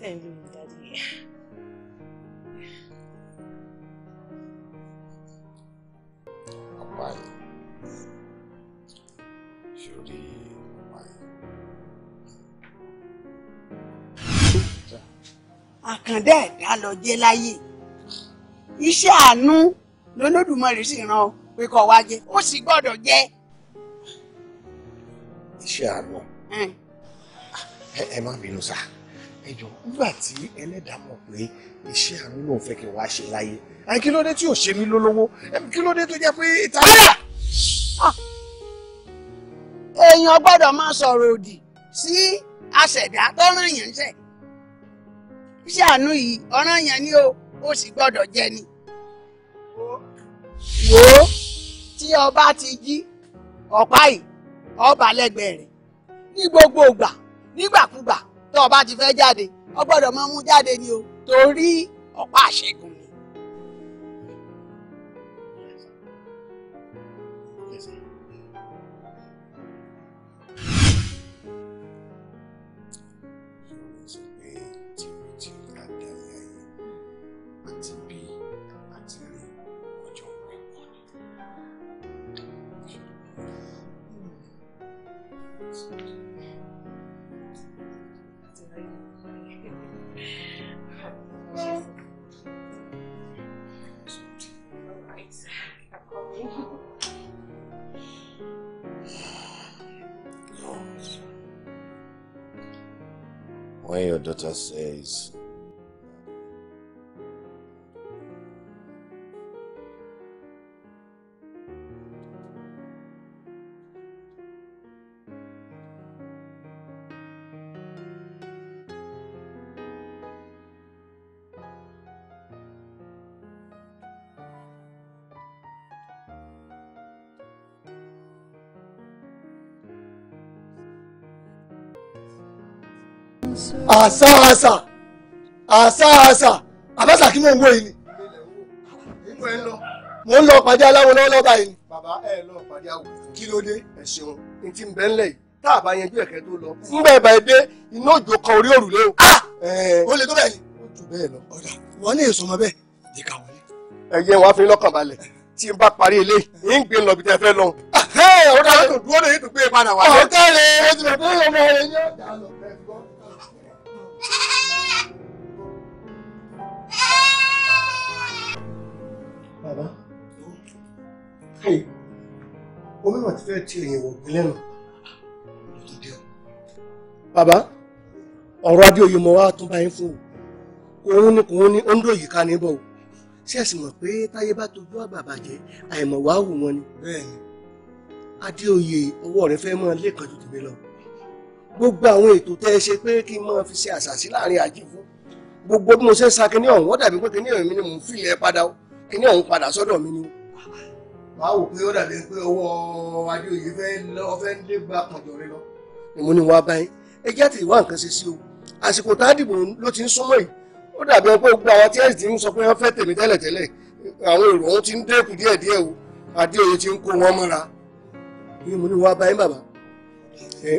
and Buddha dé? Ọ̀pá àkàndá ẹ̀dá lọ jẹ́ láyè iṣẹ́ àánú lọ́lọ́dùmarè sì ràn pé kó wá jẹ ó sì gbọ́dọ̀ jẹ. iṣẹ́ àánú ẹ má bínú sá ẹ jọ nígbà tí ẹlẹ́dàá mọ̀ pé iṣẹ́ àánú lòun fẹ́ kí n wá ṣe láyé àyè kí ló dé tí ò ṣe mí lólówó kí ló dé tó jẹ́ pé ìta. Ah! èèyàn gbọ́dọ̀ máa sọ̀rọ̀ òdì sí àṣẹ̀dá tó ràn yàn ṣẹ̀ ṣàánú yìí ọ̀ràn yẹn ni o ó sì gbọ́dọ̀ jẹ ni. wò ó tí ọba ti jí ọ̀pá yìí ọba lẹ́gbẹ̀ẹ́ rẹ̀ ní gbogbo ìgbà nígbàkúgbà tó ọba ti fẹ́ jáde ó gbọ́dọ̀ máa mú jáde ni o torí ọ̀pá àṣẹgun. says Asa asa asa asa, àbáṣà kí mò ń wò yìí ni mò ń lọ pàdé aláwo lọ́wọ́lọ́wọ́ báyìí ni. bàbá ẹ lọ pàdé àwò kí ló dé ẹ ṣeun ní ti ń bẹ́ ńlẹ̀ yìí tá a bá yanjú ẹ̀kẹ́ tó lọ. ń bẹ̀ bá ẹ dé iná òjò kan orí òrùlé o. Ah! ó lè tó bẹ́ẹ̀ ni. ó jù bẹ́ẹ̀ lọ. ọ̀dà wọn ní èso ọmọ bẹ́ẹ̀ di ká wọlé. ẹyẹ wàá fi lọ́kàn balẹ̀ tí n bá parí ilé ń gbé lọ bí tẹ fẹ́ lọ. Ah, ọ̀dà tó dúró lè yí tó gbé e padà wá. ọ̀tẹ́lẹ̀ bàbá káyè omi náà ti fẹ́ ti ẹ̀yìn òògùn lẹ́nu bàbá ọ̀rọ̀ adéoyè mọ̀ wá tún bá fún o òun ni kòun ni ondo yìí ká níbọ̀ o ṣé ẹ̀sìn mọ̀ pé táyé bá tojú àgbà bàjẹ́ àìmọ̀ wá wù wọn ni. bẹ́ẹ̀ni adéoyè ọwọ́ rẹ fẹ́ mọ lẹ́ẹ̀kan tó tèmi lọ gbogbo àwọn ètò tẹ́ ẹ ṣe pé kí n máa fi ṣe àṣàṣì láàrin àjẹfún gbogbo bí mo ṣe ń sa kinní ọ̀hún wọ́n dàbí pé kinní ọ̀hún mi ni mò ń fìlẹ̀ padà o kíní ọ̀hún padà sọ́dọ̀ mi ni wàá wò pé ó dàbí pé ọwọ́ adéoyè fẹ́ fẹ́ ń lé gba àkànjọ rẹ lọ. èmo ni wàá báyìí ẹ jẹ́ àti ìwà nǹkan ṣe sí o àsìkò tá a dìbò ló ti ń súnmọ́ yìí ó dàbí pé gbogbo àwọn tí ẹ̀sìn ń sọ pé wọ́n fẹ́ tèmi tẹ́lẹ̀tẹ́lẹ̀ àwọn èrò ọ̀hún ti ń dẹ́kù díẹ̀díẹ̀ o adéoyè ti ń kó wọn mọ́ra èmo ni wàá báyìí bàbá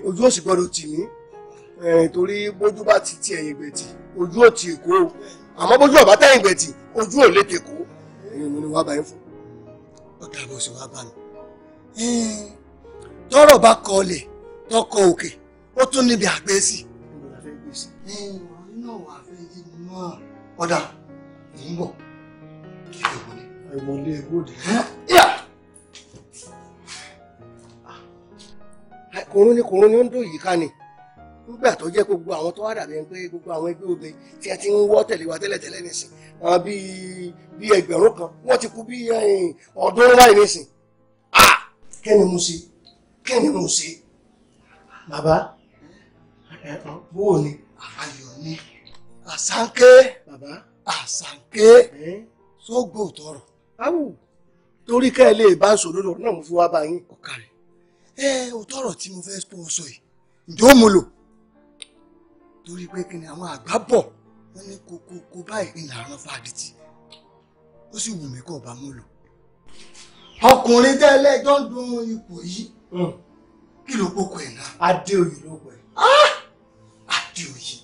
ojú òsì gbọ́dọ̀ tì mí torí bójú bá ti ti ẹ̀yìn gbẹ̀tì ojú ò ti èkó àmọ́ bójú ọ̀bá gbẹ̀tì ojú ò lè tèkó ẹ̀yin mo ní wá báyìí fún ọ̀dà bó ṣe wá bá mi. tọ́rọ̀ bá kọ ọlẹ̀ tọkọ òkè ó tún níbi àgbẹ̀ sí. ọ̀dà èyí bọ̀ kí ló wọlé. àìmọ̀lé ẹ̀gbọ́n dẹ̀. Ah, kòrónì kòrónì ó ń dùn yìí ká ni nígbà tó jẹ́ gbogbo àwọn tó wá dàbí ẹni pé gbogbo àwọn ẹgbẹ́ obìnrin tí a ti ń wọ́ tẹ̀lé wa tẹ́lẹ̀tẹ́lẹ̀ nìsín àwọn bíi bíi ẹgbẹ̀rún kan wọ́n ti kú bíi ọ̀ọ́dúnrún báyìí nìsín. kí ni mo ṣe kí ni mo ṣe bàbá bóò ni ayọ̀ ni àsánkẹ́ bàbá àsánkẹ́ sógbó tọrọ. awù torí ká ẹ lè bá sòdodo náà mo fi wá bá yín ọ̀kàrẹ̀ ẹ òtọ̀rọ̀ tí mo fẹ́ sọ yìí ǹjẹ́ ó lò torí pé kí ni àwọn àgbà bọ̀ wọ́n ní kókókó báyìí ní làárọ̀ fàdìtì ó sì wù mí kó ọba mú lò. ọkùnrin tẹ́lẹ̀ jọ ń dun ipò yìí hmm. kí ló kókó ẹ̀ náà. adéoyè ló pẹ́. adéoyè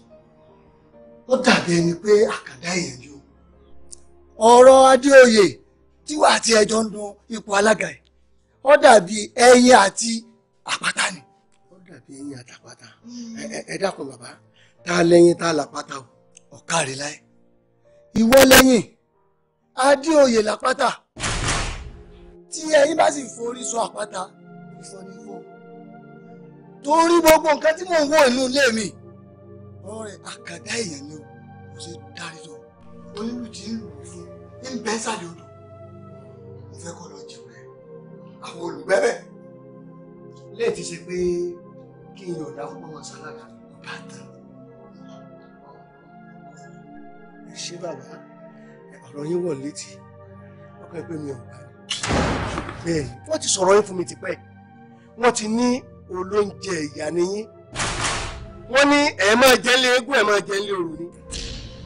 ó dàbí ẹni pé àkàndá èèyàn yó. ọ̀rọ̀ adéoyè tí wàá ti ẹjọ́ ń dun ipò alága ẹ̀ ó dàbí ẹyin àti àpáta ni. ó dàbí ẹyin àti àpáta hmm. ẹ dákun bàbá ta lẹ́yìn ta làpáta o ọ̀kárí láyé ìwọ lẹ́yìn adéoyè làpáta tí ẹ̀yin bá sì forí sọ àpáta ìfọ̀nì ìfọ̀ torí gbogbo nǹkan tí mò ń wò inú ilé mi ọ̀rẹ́ àkàndá èèyàn ni o kò ṣe dárí lọ onílù tí ń lù fún ń bẹ́ sàlẹ̀ odò mo fẹ́ kọ́ lọ jẹun rẹ̀ àwọn olùgbẹ́bẹ̀ léè ti ṣe pé kí n yọ̀ǹda fún ọmọ sálága ṣé bàbá ọ̀rọ̀ yín wọ̀n létí ọkọ ẹgbẹ́ mi ò gbà ní. bẹ́ẹ̀ ni wọ́n ti sọ̀rọ̀ yín fún mi tipẹ́ wọ́n ti ní olóúnjẹ ìyá ni yín wọ́n ní ẹ̀ máa jẹ́ lé eégún ẹ̀ máa jẹ́ lé òru ni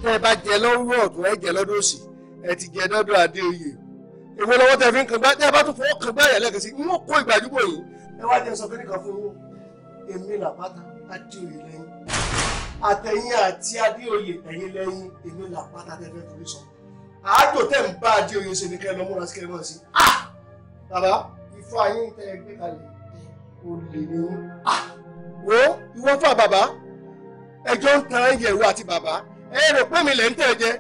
tẹ́ ẹ bá jẹ lọ́wọ́ ọ̀tún ẹ jẹ lọ́dún òsì ẹ ti jẹ lọ́dún adéoyè èwo lọ́wọ́ tẹ fi ń kan gbá tẹ́ ẹ bá tún fọwọ́ kan gbá ìyàlẹ́ kan sí kó ìgbàdúgbò yìí ẹ wá jẹ sọ fẹ́nìkan àtẹ̀yìn àti adéoyè ẹ̀yìn lẹ́yìn èmi là pátá tẹ́fẹ́ torí sọ àádò tẹ̀ ń bá adéoyè ṣe ni kẹ́ lọ múra sí kẹ́ mọ̀ sí ah bàbá ìfọ ayé tẹ ẹ gbé kalẹ̀ kò lè ní ah wo ìwọ fún àbàbà ẹjọ́ ń tan ẹyẹ ìwọ àti bàbá ẹ rò pé mi lè ń tẹ̀ jẹ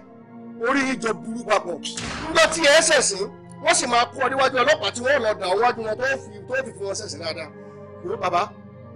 orí ìjọ burú papọ̀ nígbà tí ẹ ṣẹ̀sìn wọ́n sì máa kó ọ níwájú ọlọ́pàá tí wọ́n lọ dà wájú wọn tó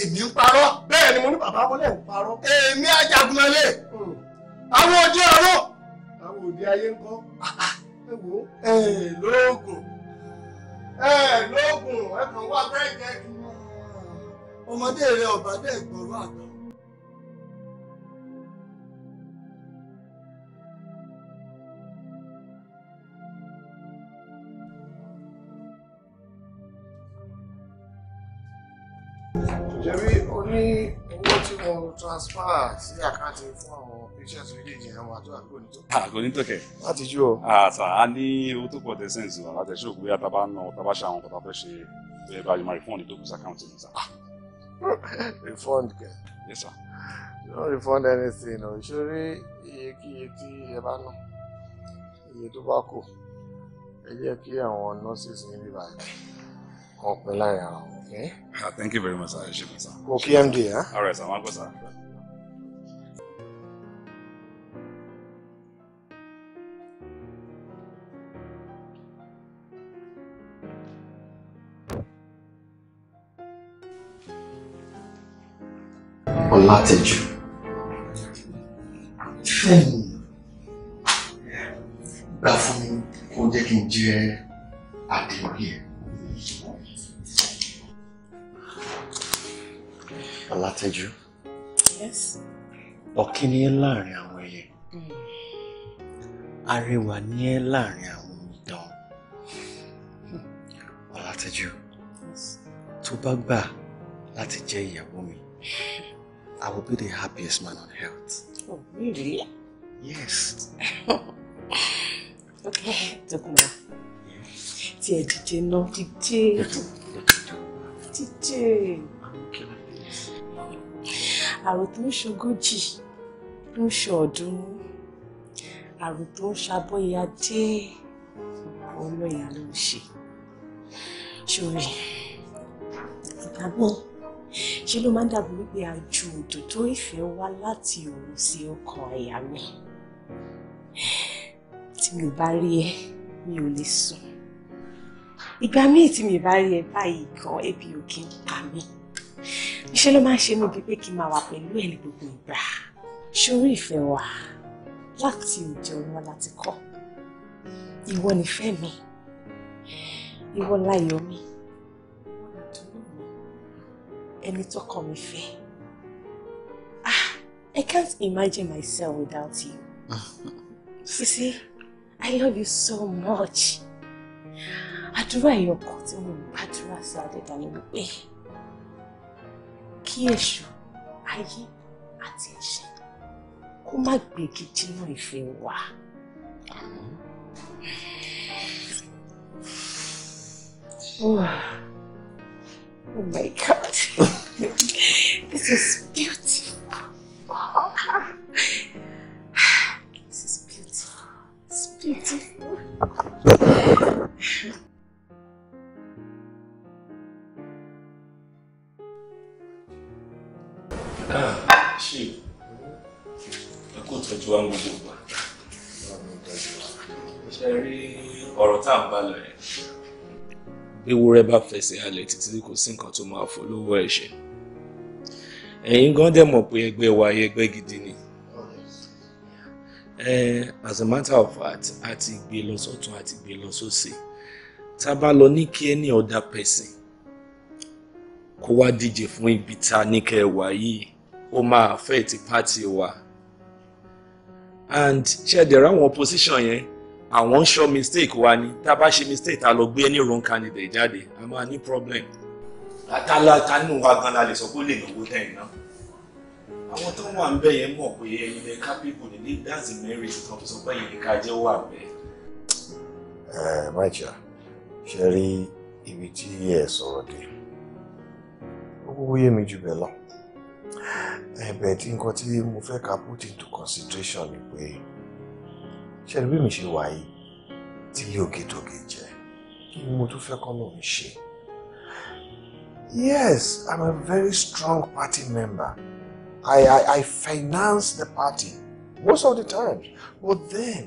èmi ń parọ́ bẹ́ẹ̀ ni mo ní bàbá mọ́lẹ̀ ń parọ́ èmi Àjàgùnmálẹ̀ hmm. àwọn ojú ọ̀rọ̀ àwọn òde ayé ń kọ́ ah, ah. ẹ wò ẹ lóògùn ẹ lóògùn ẹ kàn wá bẹ́ẹ̀ jẹ́ ọmọdé rẹ ọ̀bá dẹ̀ àgbà. transfer sí àkáǹtì fún àwọn patients méjèèjì àwọn àdúrà kò ní tó. Ah, kò ní tòkè. láti jú o. àtà á ní owó tó pọ̀ tẹ́sán ìsìn àlá tẹ̀sí òkú yàtọ̀ bá ń nà ọ̀tá bá ṣe àwọn kọ́tà fẹ́ ṣe bẹ́ẹ̀ bá yọmọ rìfọ́ọ̀nì tó kù sí àkáǹtì mi sá. Ah. refund kẹ. yes sir. no refund anything o ìṣeré iyekíye tí ẹ bá ná iye tó bá kù ẹ jẹ́ kí àwọn nọ́ọ̀sì sí ní bíbá kan pín láàrin àwọn Okay. Ah, thank you very much, sir. sir. Okay, MD, huh? Ah. All right, sir. I'll go, sir. Ọlátẹ̀jú. Fẹ́mi, gbà fún mi kó jẹ́ kí n jẹ́ àdéhùn yẹn. Ọlátẹ́jú. Yes. Ọ̀kín ni ẹ́ láàrin àwọn ẹyẹ. Mm. Arẹwà ni ẹ́ láàrin àwọn ìdán. Ọlátẹ́jú. Yes. Tó bá gbà láti jẹ́ ìyàwó mi, I will be the happiest man on earth. Oh, really? Yes. okay, Tokuma. Tí ẹ dìde náà, dìde. Dìde àrò tó ń ṣogójì tó ń ṣọ̀ọ́dúnrún àrò tó ń ṣàbọ̀yà dé gbogbo ọlọ́yà ló ń ṣe ṣòrí ìgbàgbọ́ ṣe ló máa ń dàbí wípé àjò òdò tó ìfẹ́ wá láti òun sí ọkàn àyà mi tí mi ò bá rí ẹ mi ò lè sùn ìgbà míì tí mi bá rí ẹ báyìí gan ebi ò ń pa mí iṣẹ́ ló máa ń ṣe mí bíi pé kí n máa wà pẹ̀lú ẹ̀ ní gbogbo ìgbà ṣorí ìfẹ́ wa láti òde ọ̀run láti kọ́ ìwọ nífẹ̀ẹ́ mi ìwọ láyọ̀ mi ẹni tọkàn mi fẹ́ ah I can't imagine myself without you you see I love you so much àdúrà ẹ̀yọ̀kan tí mo gbàdúrà sí adédàlẹ́ wípé kí èṣù ayé àti ẹ̀ṣẹ̀ kó má gbègi dínà ìfẹ́ wa. Oh, oh my God, this is beautiful. This is beautiful. It's beautiful. wa ń gbogbo gbà ọ̀rọ̀ tá à ń bá lọ yẹn. ewúrẹ́ bá fẹsẹ̀ halẹ̀ títí kò sí nǹkan tó máa fò lówó ẹ̀ ṣe ẹ̀yin gan dẹ̀ mọ̀ pé ẹgbẹ́ wa ẹgbẹ́ gidi ni as a matter of fact a ti gbé lọ sọ́tún a ti gbé lọ sósì tá a bá lọ ní kí any other person kó wá díje fún ibi tá a ní kẹ́ yìí ó máa affect party wa and ṣe dẹ̀ ra àwọn position yẹn àwọn ń ṣọ́ mistake wa ni tá a bá mistake tá a lọ gbé any wrong candidate jáde a máa ní problem àtàlà ta nínú wa gan la lè sọ pé ó lè lówó lẹ́yìn náà to tó wà ń bẹ yẹn mọ̀ pé ẹ̀yin people ní that's the merit tó fi sọ pé ẹ̀yin lè ká jẹ́ wà bẹ́ẹ̀. ẹ máìjà ṣe rí ibi tí ẹ sọ̀rọ̀ dé ó mi jù bẹ́ẹ̀ lọ ẹ̀bẹ̀ eh, tí nǹkan tí mo fẹ́ ká put into consideration ni pé ṣe bí mi ṣe wà yìí tí ilé ògetoge jẹ kí ni mo tún fẹ́ kọ́ lóun ṣe yes i'm a very strong party member i i, I finance the party most of the times but then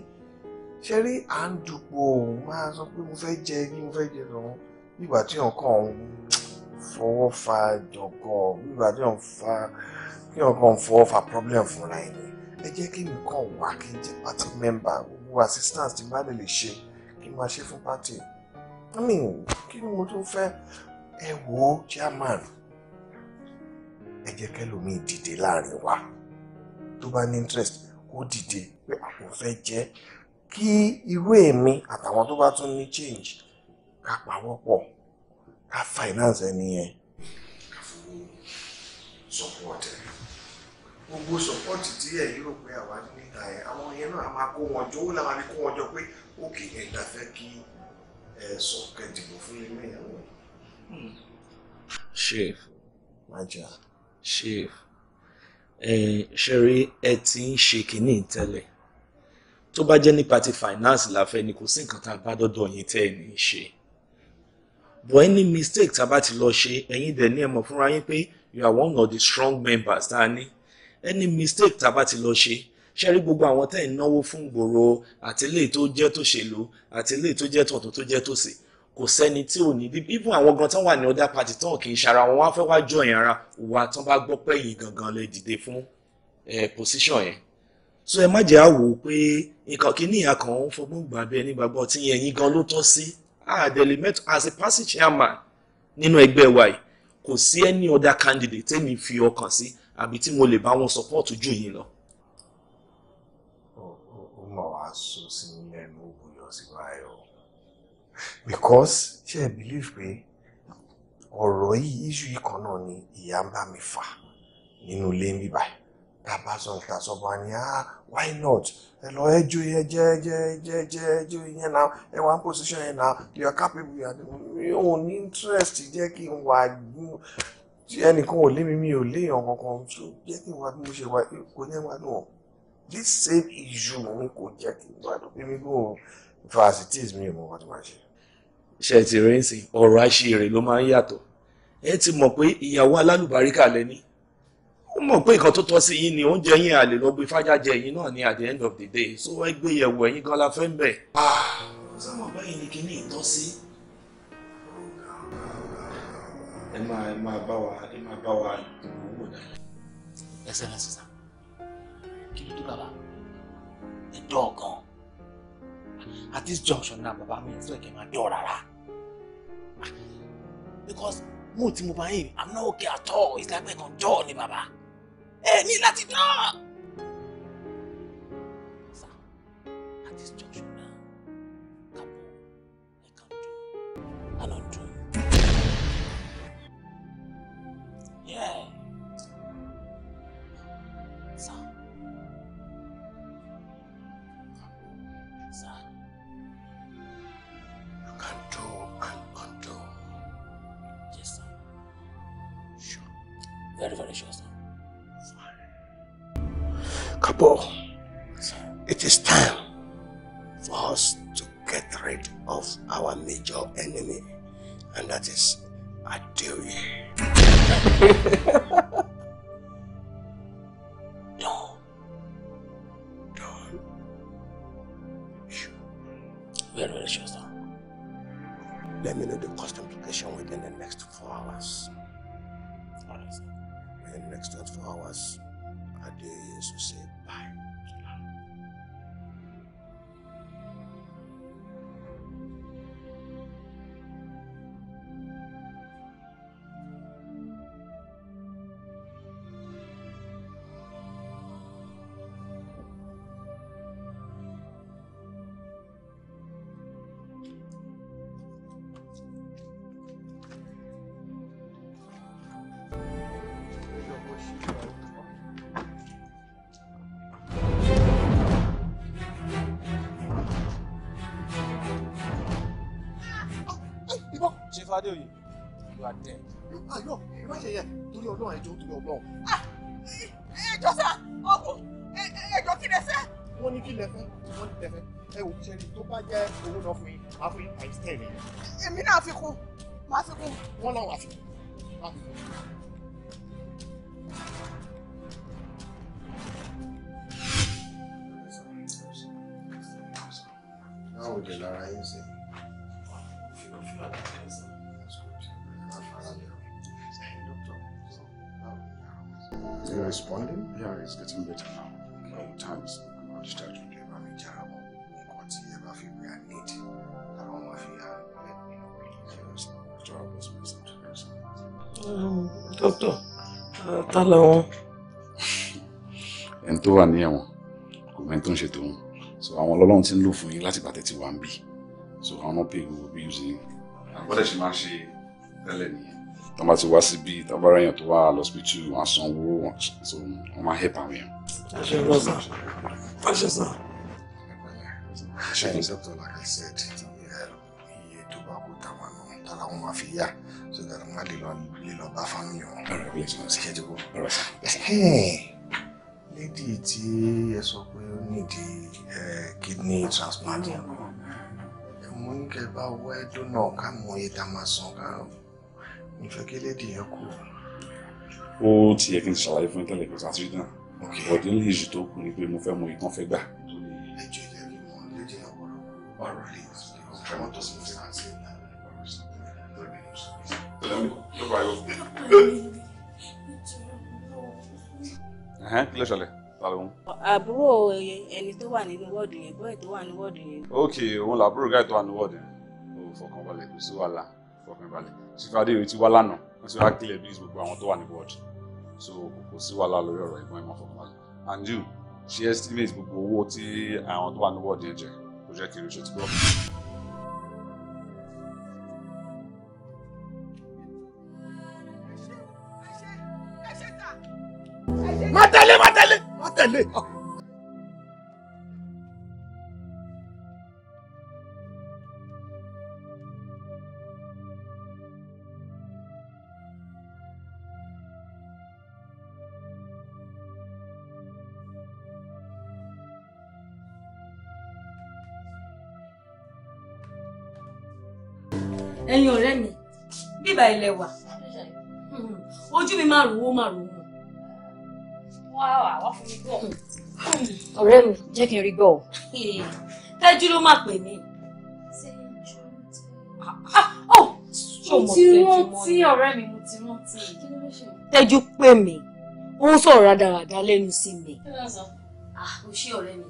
ṣe rí à ń dupò òun máa sọ pé mo fẹ́ jẹ ní mo fẹ́ jẹ lòun nígbà tí nǹkan òun fọwọ́ fa jọ̀gọ̀ gbígbà tí wọ́n fa kí wọ́n kàn fọwọ́ fa problem fúnra ẹ̀ ni ẹ jẹ́ kí mi kàn wá kí n jẹ́ party member gbogbo assistance tí n bá lè lè ṣe kí n máa ṣe fún party I mean kí ni mo tún fẹ́ ẹ wo chairman ẹ jẹ́ kẹ́lòmíì dìde láàrin wa tó bá ní interest kó dìde pé àpò fẹ́ jẹ́ kí irú èmi àtàwọn tó bá tún ní change ká pawọ́pọ̀ ká finance ẹni yẹn. ká fowó support ẹ gbogbo support tí ẹ̀yin rò pé àwa nígbà yẹn àwọn yẹn náà a máa kó wọn jọ ó làwọn á kó wọn jọ pé òkè yẹn dá fẹ́ kí ẹ sọ kẹdìbò fún ilé ìyàwó. Hmm. chief maja chief ṣeré ẹ ti ń ṣe kínní tẹ́lẹ̀ tó bá jẹ́ nípa ti finance la fẹ́ ni kò sí nǹkan tá a bá dọ́dọ̀ yín tẹ́ ẹ ní í ṣe but any mistake tá a bá ti lọ ṣe ẹ̀yin dẹ̀ ní ẹ mọ̀ fúnra yín pé you are one of the strong members tá a ní any mistake tá a bá ti lọ ṣe ṣe rí gbogbo àwọn tẹ́ ẹ̀ náwó fún gbòòrò àti ilé tó jẹ́ tó ṣèlú àti ilé tó jẹ́ tọ̀tún tó jẹ́ tòsì kò sẹ́ni tí ò ní bí even àwọn gan tán wà ní other party tán kì í ṣara wọn wá fẹ́ wá jọ yẹn ara wà tán bá gbọ́ pé yìí gangan lè dìde fún position yẹn so ẹ má jẹ́ àwò pé nǹkan kìíní àkàn ń fọgbọ́n gbà bí ẹni gbàgbọ́ tí yẹn yín gan ló tọ́ sí àdẹ̀lẹ̀ ah, as a passing chairman nínú ẹgbẹ́ wa yìí kò sí any other candidate tẹ́mi fi ọkàn sí àbí tí mo lè bá wọn support jù yín lọ. ó mọ̀ wá sùn sí lẹ́nu òbúyọ sí báyọ̀ because ṣe é believe pé ọ̀rọ̀ yìí issue yìí kan náà ni ìyá ń bá mi fà nínú ilé ń bíbáyìí bàbá sọ why not ẹ lọ ẹ ju yẹn jẹ jẹ jẹ jẹ ju yẹn na ẹ wà position yẹn na you are capable you are mi ò ní interest jẹ́ kí n wà gún ẹnìkan ò lé mi mi ò léèyàn kankan tó jẹ́ kí n wà bí mo ṣe wà kò ní wà náà this same issue mi kò jẹ́ kí n wà lọ bí mi gbọ́n universities mi ò mọ̀ wọ́n ti máa ṣe. iṣẹ́ ti rẹ̀ ń sìn ọ̀rọ̀ àṣírí ló máa ń yàtọ̀ ẹ ti mọ̀ pé ìyàwó alálùbáríkà lẹ́ni ó mọ̀ pé nǹkan tó tọ́ sí yín ni oúnjẹ yín àlè lọ gbé fájá jẹ yín náà ni at the end of the day so ẹ gbé yẹ̀wò ẹ̀yìn gan la fẹ́ ń bẹ̀. sọ́mọ̀ ah. báyìí ni kinní ìtọ́sí. ẹ máa ẹ máa bá wa ẹ máa bá wa ìdúró wò náà. ẹsẹ̀ náà sísan kí ló dé bàbá ẹ dán gan at this junction náà bàbá mi ẹ̀ sọ èké máa dán rárá because mo ti mo bá yín i'm not okay at all it's like pé kan jọ́ọ̀ ni bàbá ẹ ní láti dán. sir at this junction Mr. Adeoye, you are dead. Àyọ̀ ah, ẹ má ṣe yẹ torí ọlọ́run ẹjọ́ torí ọlọ́run. Ah, ẹjọ́ sá, ọkùn, ẹjọ́ kí lẹ fẹ́? Wọ́n ní kí lẹ fẹ́, wọ́n ní tẹ̀fẹ́. Ẹ wò ṣe ni tó bá jẹ́ owó náà fún yín, a fún yín times ten ni. Èmi náà fi kún, màá fi kún. Wọ́n láwọn àfi kún, wọ́n fi kún. How would you like to responding? Yeah, it's getting better now. No times, I'm not distracted. Um, doctor, uh, ta lọ wọn. Ẹni tó wà ní ẹ̀wọ̀n kò mẹ́ni tó ń ṣètò wọn. So àwọn ọlọ́run ti ń lò fún yín láti gbà tẹ́tí wà ń bì. So àwọn náà pè gbogbo bí ó ṣe. Àgbọ́dọ̀ ṣe máa ṣe tẹ́lẹ̀ nìyẹn tó bá ti wá síbí tó bá ráyàn tó wà lọ́sibítù wọn san owó wọn so wọn máa help àwọn èèyàn. àṣẹ rọ sá àṣẹ sá. ṣẹ́yìn sọ́tọ̀ like I said um, iye tó bá kó táwọn àwọn tára wọn máa fi yá so that wọn á lè lọ bá fámìlì wọn. ọ̀rọ̀ mi ti ṣe é dúró. ọ̀rọ̀ sá. lédi tí ẹ sọ pé ó nídìí eh, kidney transplant mo ní kẹ́ bá wẹ́ dóná ká mọ iye tá a máa san ká ìfẹ́ kí lédi yẹn kú. ó ti yẹ kí n ṣàlàyé fún tẹ́lẹ̀ kó sáà ti rí náà ọ̀dẹ lè jù tó kù ni pé mo fẹ́ mọ ìtàn fẹ́ gbà. ẹjọ́ ilé mi mọ lédi yẹn kí ló ṣẹlẹ̀ lálẹ́ àbúrò ẹni tó wà nínú wọ́ọ̀dù yẹn bọ́ẹ̀ tó wà ní wọ́ọ̀dù yẹn. ok òun làbúrò gáì tó wà ní wọ́ọ̀dù yẹn. ó fọkàn balẹ̀ kò sí wàhálà fọkàn balẹ̀ chief adéyẹ ti wá lánàá wọ́n ti wá clear bills gbogbo àwọn tó wà ní board so kò sí wàhálà lórí ọ̀rọ̀ ẹ̀gbọ́n ẹ̀ fọkàn balẹ̀ and you she estimate gbogbo owó tí àwọn tó wà ní board yẹn jẹ kò jẹ́ kí ṣe ti gbọ́. má tẹ̀lé má tẹ̀lé má tẹ̀lé. ilẹ̀ wà ojú mi máa ròwó máa ròwó. wá àwa fún mi gbọ́. ọ̀rẹ́ mi jẹ́ kí n rí gbọ́ o. tẹ́jú ló máa pè mí. Ah, oh, mo ti rántí ọ̀rẹ́ mi mo ti rántí. tẹ́jú pè mí ó ń sọ̀rọ̀ rádaràda lẹ́nu sí mi. ó ah, ṣe ọ̀rẹ́ mi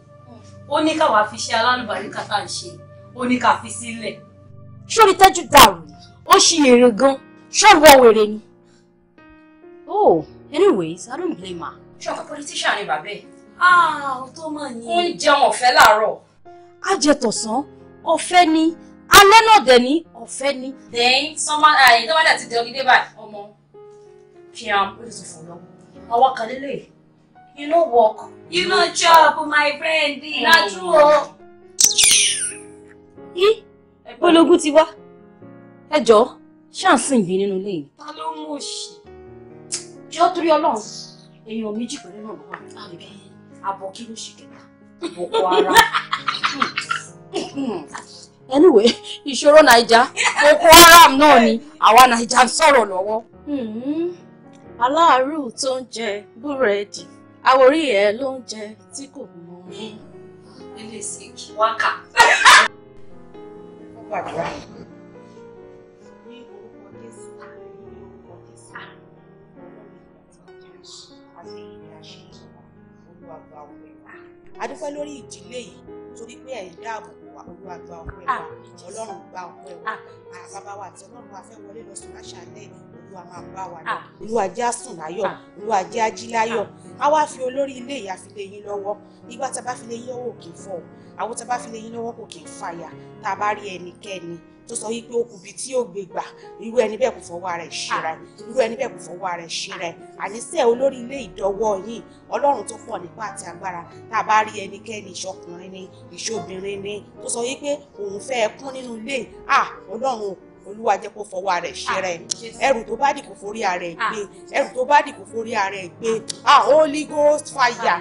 ó ní káwa fi ṣe alálùbáríkà tá à ń ṣe ó ní ká fi sílẹ̀. ṣó ni tẹ́jú dàrú ó ṣiyèrè gan-an ṣé ìwọ wèrè ni. oh anyways i don't blame her. a politician ni bàbá ah ọtọ mà ní. ó ń jẹun ọ̀fẹ́ láàárọ̀. a jẹ tọ̀sán ọ̀fẹ́ ni alẹ́ then someone ẹ̀yìn don't want that to dẹ̀ ọdún dé báyìí ọmọ fiam ó lè sọ fún lọ àwa kan lélẹ̀ you know work. you know, chop my friend. Mm. na true o. yí polongo ti wá ẹ jọ̀ọ́ ṣáàsì ìbí nínú ilé yìí. ta ló mú òṣì jọ torí Ọlọ́run èèyàn méjì pẹ̀lú náà ló wà níbẹ̀ abọ kí ló ṣe kẹta boko haram. anyway ìṣòro naija boko haram náà ni àwa naija ń sọ̀rọ̀ lọ́wọ́. Hmm. aláàárù tó ń jẹ búrẹ́dì àwòrí ẹ̀ ló ń jẹ tí kò mọ̀ ilé ìsìnkú wákà. àṣeyìí àṣeyìí olúwa gba ọpẹ́ wa adúpẹ́ lórí ìdílé yìí torí pé ẹ̀yin dáàbò wa olúwa gba ọpẹ́ wa ah, ọlọ́run gba ọpẹ́ wa ah, ah, bàbá wa àti ọlọ́run wa fẹ́ wọlé lọ sùn láṣálẹ́ olúwa máa bá wa lọ olúwa jẹ́ àsùn láyọ̀ olúwa jẹ́ ají láyọ̀ a wá fi olórí ilé yìí àfilé yín lọ́wọ́ nígbà tá a bá fi lé yín lọ́wọ́ kò fọ́ àwọn tá a bá fi lé yín lọ́wọ́ kò fàyà tá a bá rí ẹnikẹ́ni tó sọ yìí pé ó kù bíi tí yóò gbé gbà irú ẹni bẹ́ẹ̀ kò fọwọ́ ara ẹ̀ ṣera irú ẹni bẹ́ẹ̀ kò fọwọ́ ara ẹ̀ ṣera àníṣe olórí ilé ìdọ́wọ́ yìí ọlọ́run tó pọ̀ nípa àti agbára tá a bá rí ẹnikẹ́ni ìṣọkùnrin ni ìṣobìnrin ni tó sọ yìí òun fẹ́ kún nínú ilé à ọlọ́run òkú olúwa jẹ́ kó fọwọ́ rẹ̀ ṣẹ́ra ẹ̀ ẹrù tó bá dì forí ara ẹ̀ ah, gbé ẹrù tó bá dì forí ara ẹ̀ gbé ah, ah, ah holy ghost fire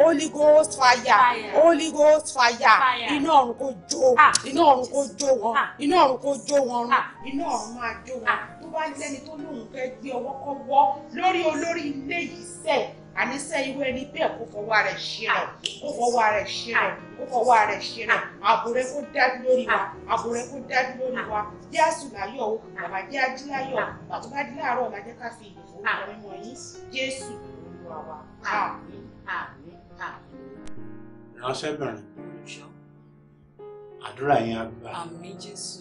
holy ghost fire holy ghost fire iná ọ̀run kó jó iná ọ̀run kó jó wọn iná ọ̀run kó jó wọn run iná ọ̀run máa jó wọn tó bá lẹ́ni tó lóun fẹ́ gbé ọwọ́ kọ́wọ́ lórí olórí ilé yìí sẹ́ẹ̀ àníṣe irú ẹni bẹ́ẹ̀ kó fọwọ́ rẹ̀ ṣìnà ah. kó fọwọ́ rẹ̀ ṣìnà ah. kó fọwọ́ rẹ̀ ṣìnà ah. àbúrẹ́ kó dájú lórí wa àbúrẹ́ kó dájú lórí wa jẹ́ àsùn láyọ̀ o bàbá jẹ́ ají láyọ̀ bàtú bá dí láàárọ̀ ọ̀la jẹ́ ká fi ìdìbò ọ̀rọ̀ mímọ́ yín Jésù Olúwa wa àmín àmín àmín. ìránṣẹ́bìnrin àdúrà yín á gbà àmín Jésù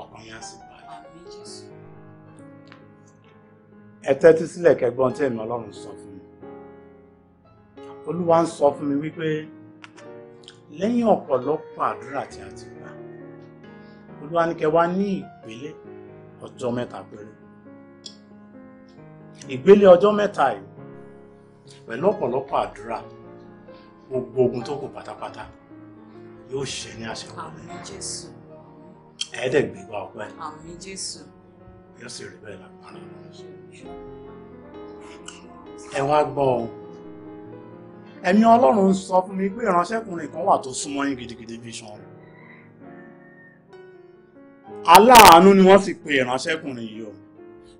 ọkàn yín á sì bá yín àmín Jésù. ẹ tẹ́tí sílẹ̀ kẹ́gbọ́n tí èmi Ọlọ́run sọ fún olúwa ń sọ fún mi wípé lẹ́yìn ọ̀pọ̀lọpọ̀ àdúrà tí a ti gbà olúwa ní kẹ́ wá ní ìpele ọjọ́ mẹ́ta péré ìgbélé ọjọ́ mẹ́ta yìí pẹ̀lú ọ̀pọ̀lọpọ̀ àdúrà gbogbo ogun tó kù pátápátá yóò ṣe ní àṣẹ wọlé ẹ̀ẹ́dẹ̀gbẹ̀gbà ọpẹ́ yóò sì rí bẹ́ẹ̀ lágbára ẹ wá gbọ́ ohun ẹ̀mí ọlọ́run sọ fún mi pé ìránṣẹ́kùnrin kan wà tó súnmọ́ yín gidigidi vision aláàánú ni wọ́n sì pe ìránṣẹ́kùnrin yìí o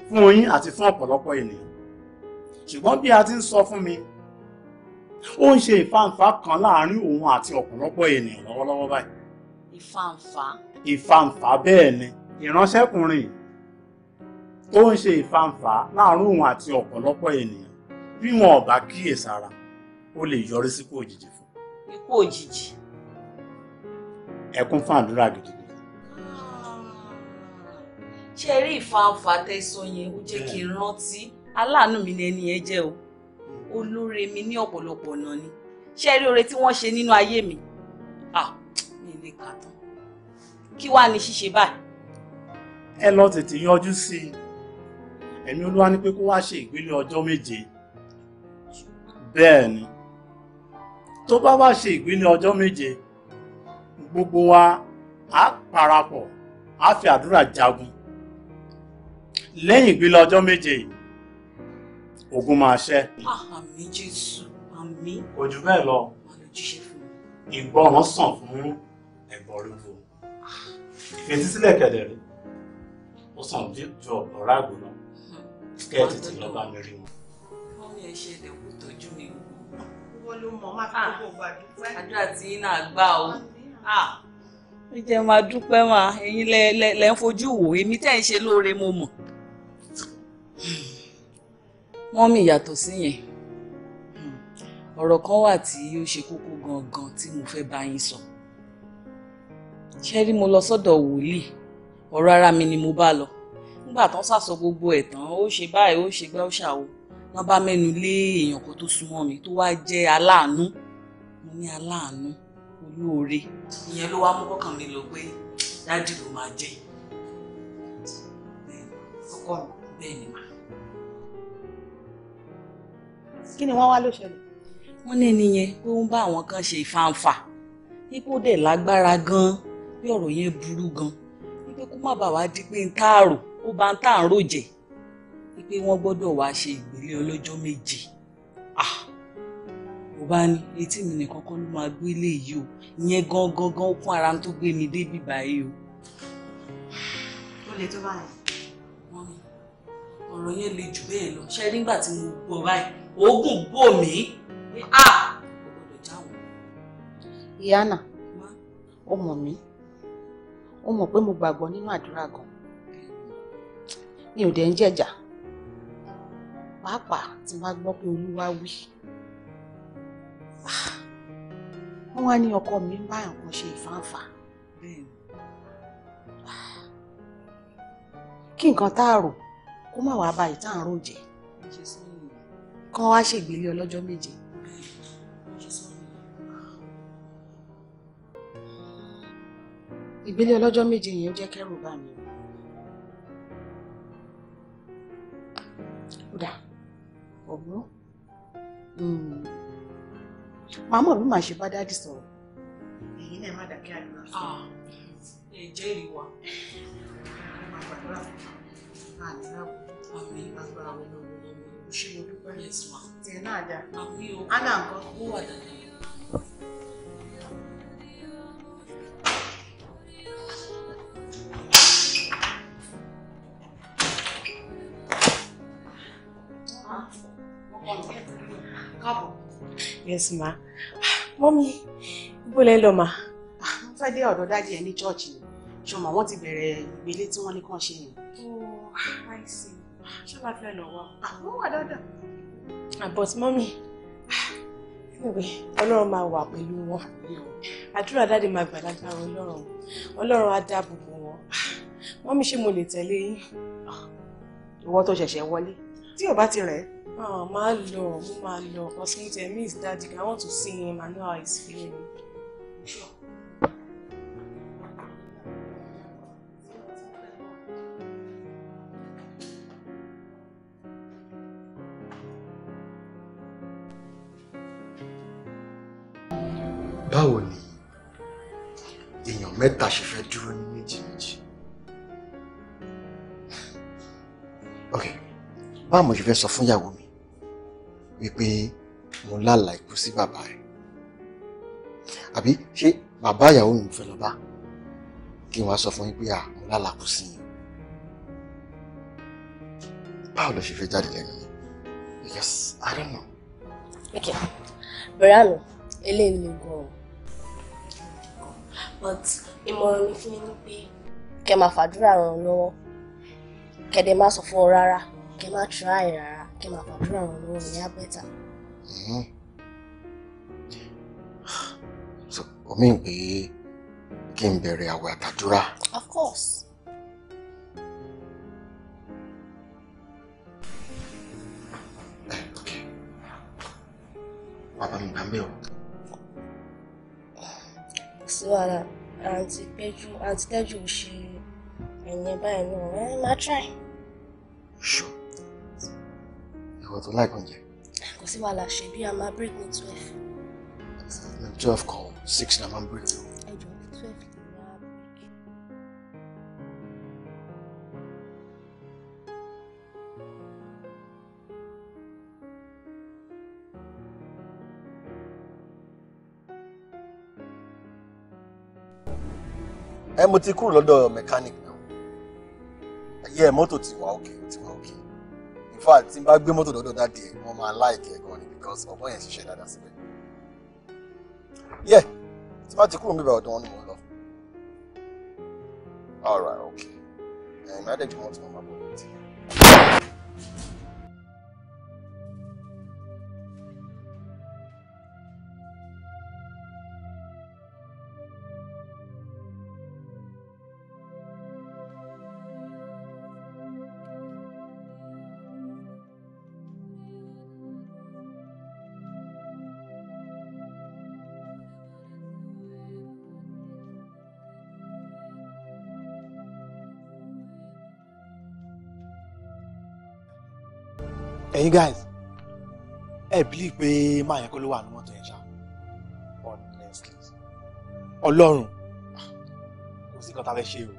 fún oyin àti fún ọ̀pọ̀lọpọ̀ ènìyàn ṣùgbọ́n bí a ti ń sọ fún mi ó ń ṣe ìfàǹfà kan láàárín òun àti ọ̀pọ̀lọpọ̀ ènìyàn lọ́wọ́lọ́wọ́ báyìí. ìfàǹfà. ìfàǹfà bẹ́ẹ̀ ni ìránṣẹ́kùnrin ó ń ṣe ìfàǹfà láàárín òun àti ọ̀pọ̀lọpọ̀ ènìyàn bí wọn ò bá kíyèsára ó lè yọrí síkú òjijì fún. ikú òjijì. ẹ kún fún àdúrà gidigidi. ṣé ẹ rí ìfàǹfà tẹ̀sán yẹn ó jẹ́ kí n rántí aláàánú mi ni ẹni yẹn jẹ́ o olóore mi ní ọ̀pọ̀lọpọ̀ ọ̀nà ni ṣé ẹ rí oore tí wọ́n ṣe nínú ayé mi ah mi lè kà tán kí wàá ní ṣíṣe báyìí. ẹ lọ tètè yanjú sí i ẹ̀mí olúwa ní pé kó wá ṣe ìgbélé ọjọ́ méje bẹ́ẹ̀ ni tó bá wá ṣe ìgbín ní ọjọ́ méje gbogbo wa á parapọ̀ á fi àdúrà jagun lẹ́yìn ìgbín lọ́jọ́ méje ogun máa ṣẹ́. àmín jésù àmín. kò jù bẹ́ẹ̀ lọ ìgbọràn sàn fún ẹ̀bọ̀ rúfo ìfetísílẹ̀ ah. kẹ̀dẹ̀ rí ó sàn ju ọ̀rá àgbò lọ hmm. kẹ́ẹ̀tì tí lọ́ọ́ bá mi rí wọn. wọ́n mi ẹ̀ ṣe ẹ̀dẹ̀kú tójú mi wọ́n ló ah, àdúrà tí iná gbà o ah. ẹ jẹ́ máa dúpẹ́ máa ẹ̀yin lẹ ń fojú wò èmi tẹ́ ń ṣe lóore mo mọ̀ wọ́n mi yàtọ̀ sí yẹn ọ̀rọ̀ kan wà tí ó ṣe kókó gangan tí mo fẹ́ bá yín sọ ṣé rí mo lọ sọ́dọ̀ wòlíì ọ̀rọ̀ ara mi ni mo bá lọ nígbà tán sàsọ gbogbo ẹ̀ tán ó ṣe báyìí ó ṣe gbá ó ṣàwò wọ́n bá mẹ́nu lé èèyàn kan tó súnmọ́ mi tó wá jẹ́ aláàánú mo ní aláàánú olóore ìyẹn ló wá mú kọ́kàn mi lọ pé dádì ló máa jẹ́ ọkọ mi bẹ́ẹ̀ ni mà. kí ni wọ́n wá ló ṣẹlẹ̀. wọ́n ní ẹni yẹn pé ó ń bá àwọn kan ṣe ìfàǹfà ipò dẹ̀ lágbára gan-an bí ọ̀rọ̀ yẹn burú gan-an wípé kó má bàa wá di pé ń tààrò ó bá ń tààrò jẹ́ wípé wọ́n gbọ́dọ̀ wá ṣe ìgbélé ọlọ́jọ́ méje mo bá ní etí mi nìkan kọ́ ló máa gbé léyìí o ìyẹn gangan gan ó kún ara tó gbé mi débi báyìí o. ó lè tó báyìí. wọ́n ní ọ̀rọ̀ yẹn le jù bẹ́ẹ̀ lọ ṣe nígbà tí mo gbọ́ báyìí oògùn bò mí. ìyá náà ó mọ̀ mí ó mọ̀ pé mo gbàgbọ́ nínú àdúrà gan mi ò dẹ̀ ń jẹ̀jà pàápàá tí máa gbọ́ pé olúwa wí ah, wọ́n wá ní ọkọ mi ń bá nǹkan ṣe ìfáǹfà ah, kí nǹkan tá a rò kó má wàá ba ìtàn àrò jẹ kán wá ṣègbélé ọlọ́jọ́ méje. ìgbélé ọlọ́jọ́ méje yẹn jẹ́ kẹ́rù bà mí. kódà ọ̀gbọ́n hmm. màmá mi máa ṣe bá dáàdì sọ̀rọ̀ ẹ̀yin náà má dàkẹ́ àdúrà sọ̀rọ̀ ah. ẹ̀ jẹ́ ìwà má gbàdúrà má àdúrà àmì àgbà àwọn ọmọ ọmọ ọmọ ṣé mo dúpẹ́ tiẹ̀ náà dà àmì ọkọ̀ àná nǹkan ó wà dáadáa. yes ma Mommy, ibo lẹ́ ma. Ah, fẹ́ dé ọ̀dọ̀ daddy ẹ ní chọ́ọ̀chì ni ṣọmọ wọn ti bẹ̀rẹ̀ ìgbélé tí wọ́n ní oh i see ṣé wàá fẹ́ lọ wá. àwọn ah, wà dáadáa. Ah, but mommy, anyway ọlọ́run máa wà pẹ̀lú I àdúrà dáde máa gbà lágbára ọlọ́run ọlọ́run á dáàbò bò wọn mọ́mí ṣé mo lè tẹ̀lé yín. ìwọ tó ṣẹ̀ṣẹ̀ wọlé tí ò bá ti Oh, ah, my love, my love. Because he's me is daddy. I want to see him I know how he's feeling. Sure. báwo ni èèyàn mẹ́ta ṣe fẹ́ dúró ní méjì méjì ok báwo mo ṣe fẹ́ sọ fún ìyàwó mi wípé mo lálà ikú sí bàbá ẹ̀ àbí ṣé bàbá ìyàwó mi fẹ́ lọ bá kí n wá sọ fún yín pé à mo lálà kú sí yín báwo ló ṣe fẹ́ jáde lẹ́nu mi yes i don't know. okay bẹ̀rẹ̀ àná eléyìí lè gan-an but ìmọ̀ràn mi fún yín ni pé kẹ́ máa fàdúrà ràn lọ́wọ́ kẹ́ dẹ̀ sọ fún ọ rárá kẹ́ má try rárá kí máa fàdúrà ràn lọ́wọ́ ìyá bẹ́tà. Hmm. So, ń pè é kí n bẹ̀rẹ̀ àwẹ̀ of course. Papa mi gbà ń bẹ̀ o. sí wàhálà àǹtí péjú àǹtí ṣe ẹ̀yìn báyìí náà ẹ̀ máa try. sure ìwọ tó láìpẹ́ oúnjẹ. kò sí wàhálà ṣe bí a máa break ní twelve. twelve kan six na máa break. ẹ twelve ni break. ẹ mo ti kúrò lọ́dọ̀ mechanic náà ẹ yẹ mọ́tò ti wà òkè fact tí n bá gbé mọ́tò dọ́dọ̀ dáàdì ẹ̀ wọ́n máa láìkì ẹ̀ gan ni because ọ̀gbọ́n yẹn ṣiṣẹ́ dáadáa síbẹ̀. yẹ tí bá ti kúrò níbẹ̀ ọ̀dọ̀ wọn ni mò lọ. all right okay ẹ̀yin máa dẹ̀ jù wọ́n tí máa bọ̀ lọ́tì. ẹ̀yin guys ẹ bílí pé máa yẹn kó ló wà ní mọ́tò yẹn ṣá honestly ọlọ́run kò sí nǹkan tá a fẹ́ ṣe o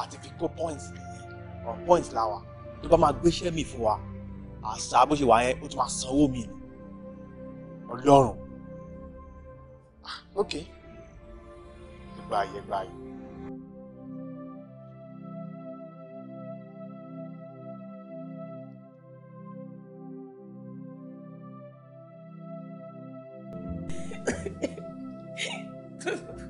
àti fi kó points nìyẹn points làwà tó bá máa gbéṣẹ́ mi fún wa àṣà bó ṣe wà yẹn ó tún máa sanwó mi ni ọlọ́run ah, ok gbàyè gbàyè. フフフ。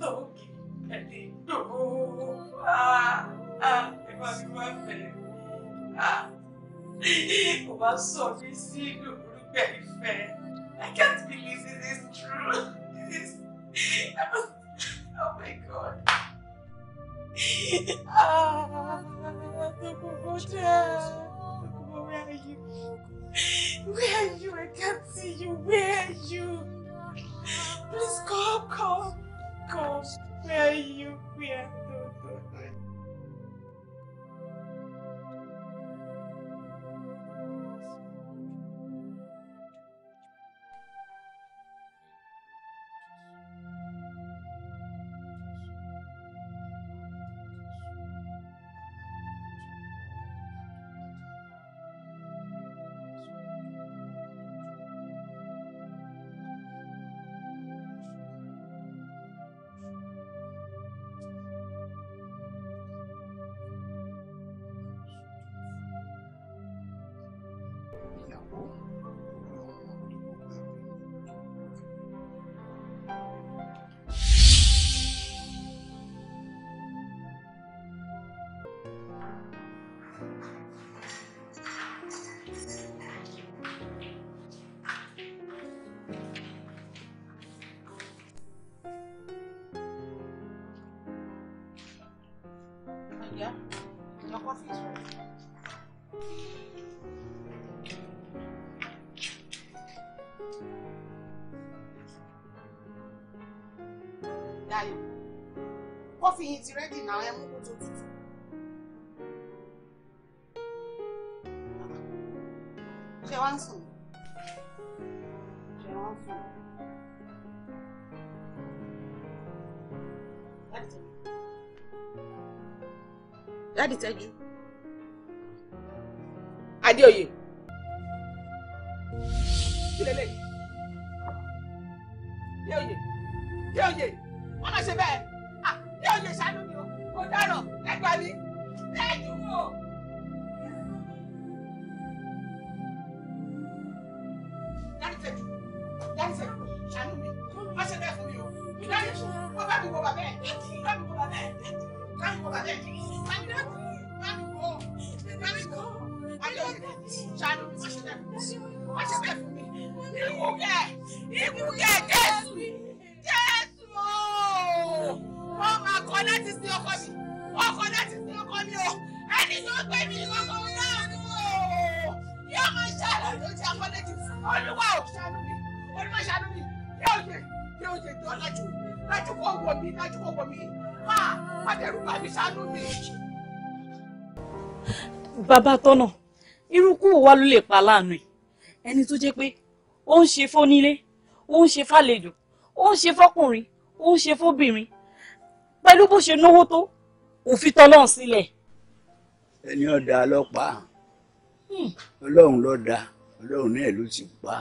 tó òkè ẹ̀dí ìgbòho ẹ bá mi wá bẹ̀rẹ̀ mi kò bá sọ mí sí ìlú olùgbẹ́ I can't believe this is true this is oh my God. ah, where are you? Where are you? I can't see you. Where are you? Please come, come. ghost, where are you? Where? ti rẹ́dì náà I mú kó tó tutù. ṣé wá ń sùn? ṣé wá ń sùn? you. tẹ́jú. Adéoyè. Kí lélẹ̀? Déoyè. Déoyè. bàbá tọ́nà irúkú wa ló lè pa láàánú ẹ̀ ẹni tó jẹ́ pé ó ń ṣe fónílé ó ń ṣe fàlejò ó ń ṣe fọkùnrin ó ń ṣe fóbìnrin pẹ̀lú bó ṣe náwó tó òfin tọ́lọ́run sílẹ̀. ẹni ọ̀dà ọlọ́pàá hmm. ọlọ́run ló dá ọlọ́run náà ló ti pa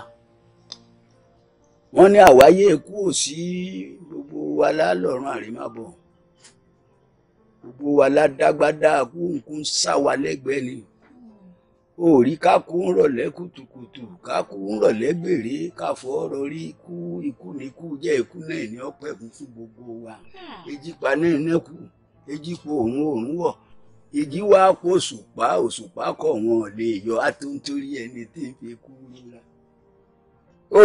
wọ́n ní àwáyé kú ò gbogbo wa lálọ́run àrímábọ̀ gbogbo wa ládágbádá kúńkú ń sá wa lẹ́gbẹ̀ẹ́ ni òòrí kákú ń rọ̀lẹ́ kùtùkùtù kákú ń rọ̀lẹ́ gbèrè káfọ́ ọ̀rọ̀ rí ikú ikú nìkú jẹ́ ikú náà ní ọ̀pẹ̀ kún fún gbogbo wa ejípa náà nẹ́kù ejípo òun òun wọ̀ ìjì wa kó òṣùpá òṣùpá kọ̀ wọn lè yọ àtúntórí ẹni tí ń fi kú nílá. ó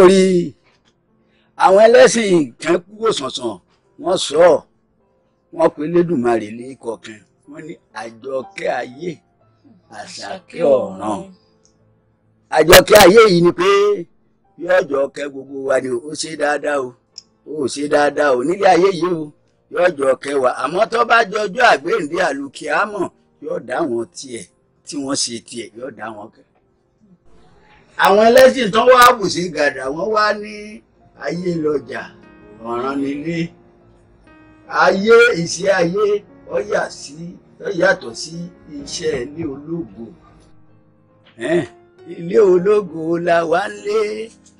àwọn ẹlẹ́sìn kan kú òṣànṣàn wọ́n sọ ọ́. wọ́n pe Elédùmarè ní ìkọ̀kan wọ́n ní àjọkẹ́ ayé àṣàkẹ́ ọ̀ràn àjọkẹ́ ayé yìí ni pé yóò jọ kẹ́ gbogbo wa ni ó ṣe dáadáa o ó ṣe dáadáa o nílé ayé yìí o yóò jọ kẹ́ wa àmọ́ tó bá jọjọ́ àgbéǹde àlùkìámọ̀ yóò dá wọn tiẹ̀ tí wọ́n ṣe tiẹ̀ yóò dá wọn kẹ́. àwọn ẹlẹ́sìn tó wá bùsí gàdà wọ́n wá ní ayé ọ̀ràn nílé. ayé iṣẹ́ ayé ọ̀yà sí yàtọ̀ sí iṣẹ́ ilé ológo. ilé ológo la wá lé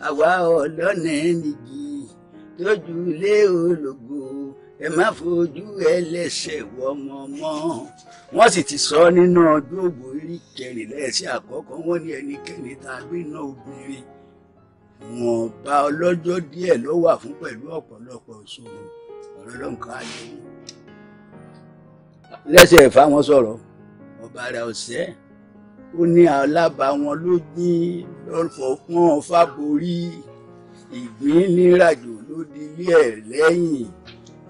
àwa ọlọ́nà nìyí lójú ilé ológo ẹ má fojú ẹlẹ́sẹ̀ wọ́mọmọ́ wọ́n sì ti sọ nínú ọdún ògbò orí kẹrìnlẹ́sẹ̀ àkọ́kọ́ wọ́n ní ẹnikẹ́ni tá a gbé náà obìnrin wọn bá ọlọ́jọ́ díẹ̀ ló wà pẹ̀lú ọ̀pọ̀lọpọ̀ ìṣòro ọlọ́nkà ayé lẹ́sẹ̀ ẹ̀fà wọn sọ̀rọ̀ ọba rẹ̀ ọ̀sẹ́ ó ní alábàáwọn ló ní lọ́fọ̀ọ́pọ́n fáborí ìgbín nírajò ló di ilé ẹ̀ lẹ́yìn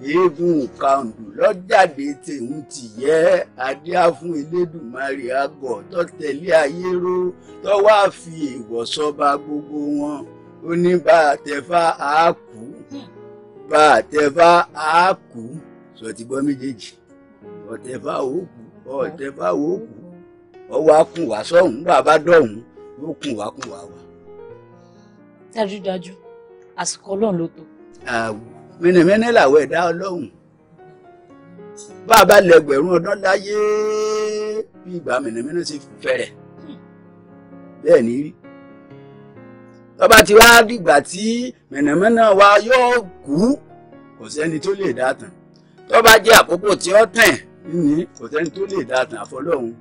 eégún kàǹdù lọ́jàde tèun tìyẹ́ adíá fún elédùnmarè àgọ̀ tó tẹ̀lé ayé ró tó wáá fi èèwọ̀ sọba gbogbo wọn ó ní bá a tẹ̀fá àákú bá àtẹ̀fá á kú sọ̀tìgbọ́ méjèèjì ọ̀tẹ̀fá ò kú ọ̀tẹ̀fá ò kú ọwọ́ á kùn wá sọ́hùn bàbá dọ̀hùn ló kùn wá kùn wá wá. dájúdájú àsìkò ọlọ́run ló tó. mẹ́nẹ̀mẹ́nẹ́ làwọn ẹ̀dá ọlọ́run bá a bá lẹ́gbẹ̀rún ọdún láyé bí ìgbà mẹ́nẹ̀mẹ́nẹ́ ṣe fẹ́rẹ̀ bẹ́ẹ̀ ni tó bá ti wá dìgbà tí mẹ̀nàmẹ́nà wa yóò kú kò sẹ́ni tó lè dá tàn tó bá jẹ́ àkókò tí ó tàn ní kò sẹ́ni tó lè dá àfọlọ́hún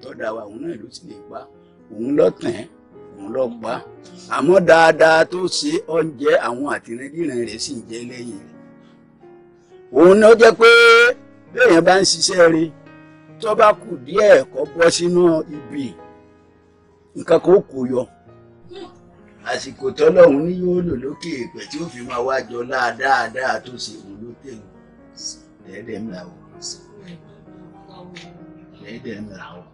tó wa òun náà ló ti lè pa òun lọ tàn òun lọ pa àmọ́ dáadáa tó ṣe oúnjẹ àwọn àtìrẹ́dìrẹ́ rẹ̀ sì ń jẹ́ lẹ́yìn rẹ̀ òun náà jẹ́ pé béèyàn bá ń ṣiṣẹ́ rí tó kù díẹ̀ kó bọ́ sínú ibi nǹkan kan ó kò yọ àsìkò tọ́lọ́hún ni yóò lò lókè èèpẹ̀ tí ó fi máa wá jọ láàdáadáa tó ṣe òun ló tẹ̀wọ̀n lẹ́ẹ̀dẹ̀ ńlá o lẹ́ẹ̀dẹ̀ ńlá o.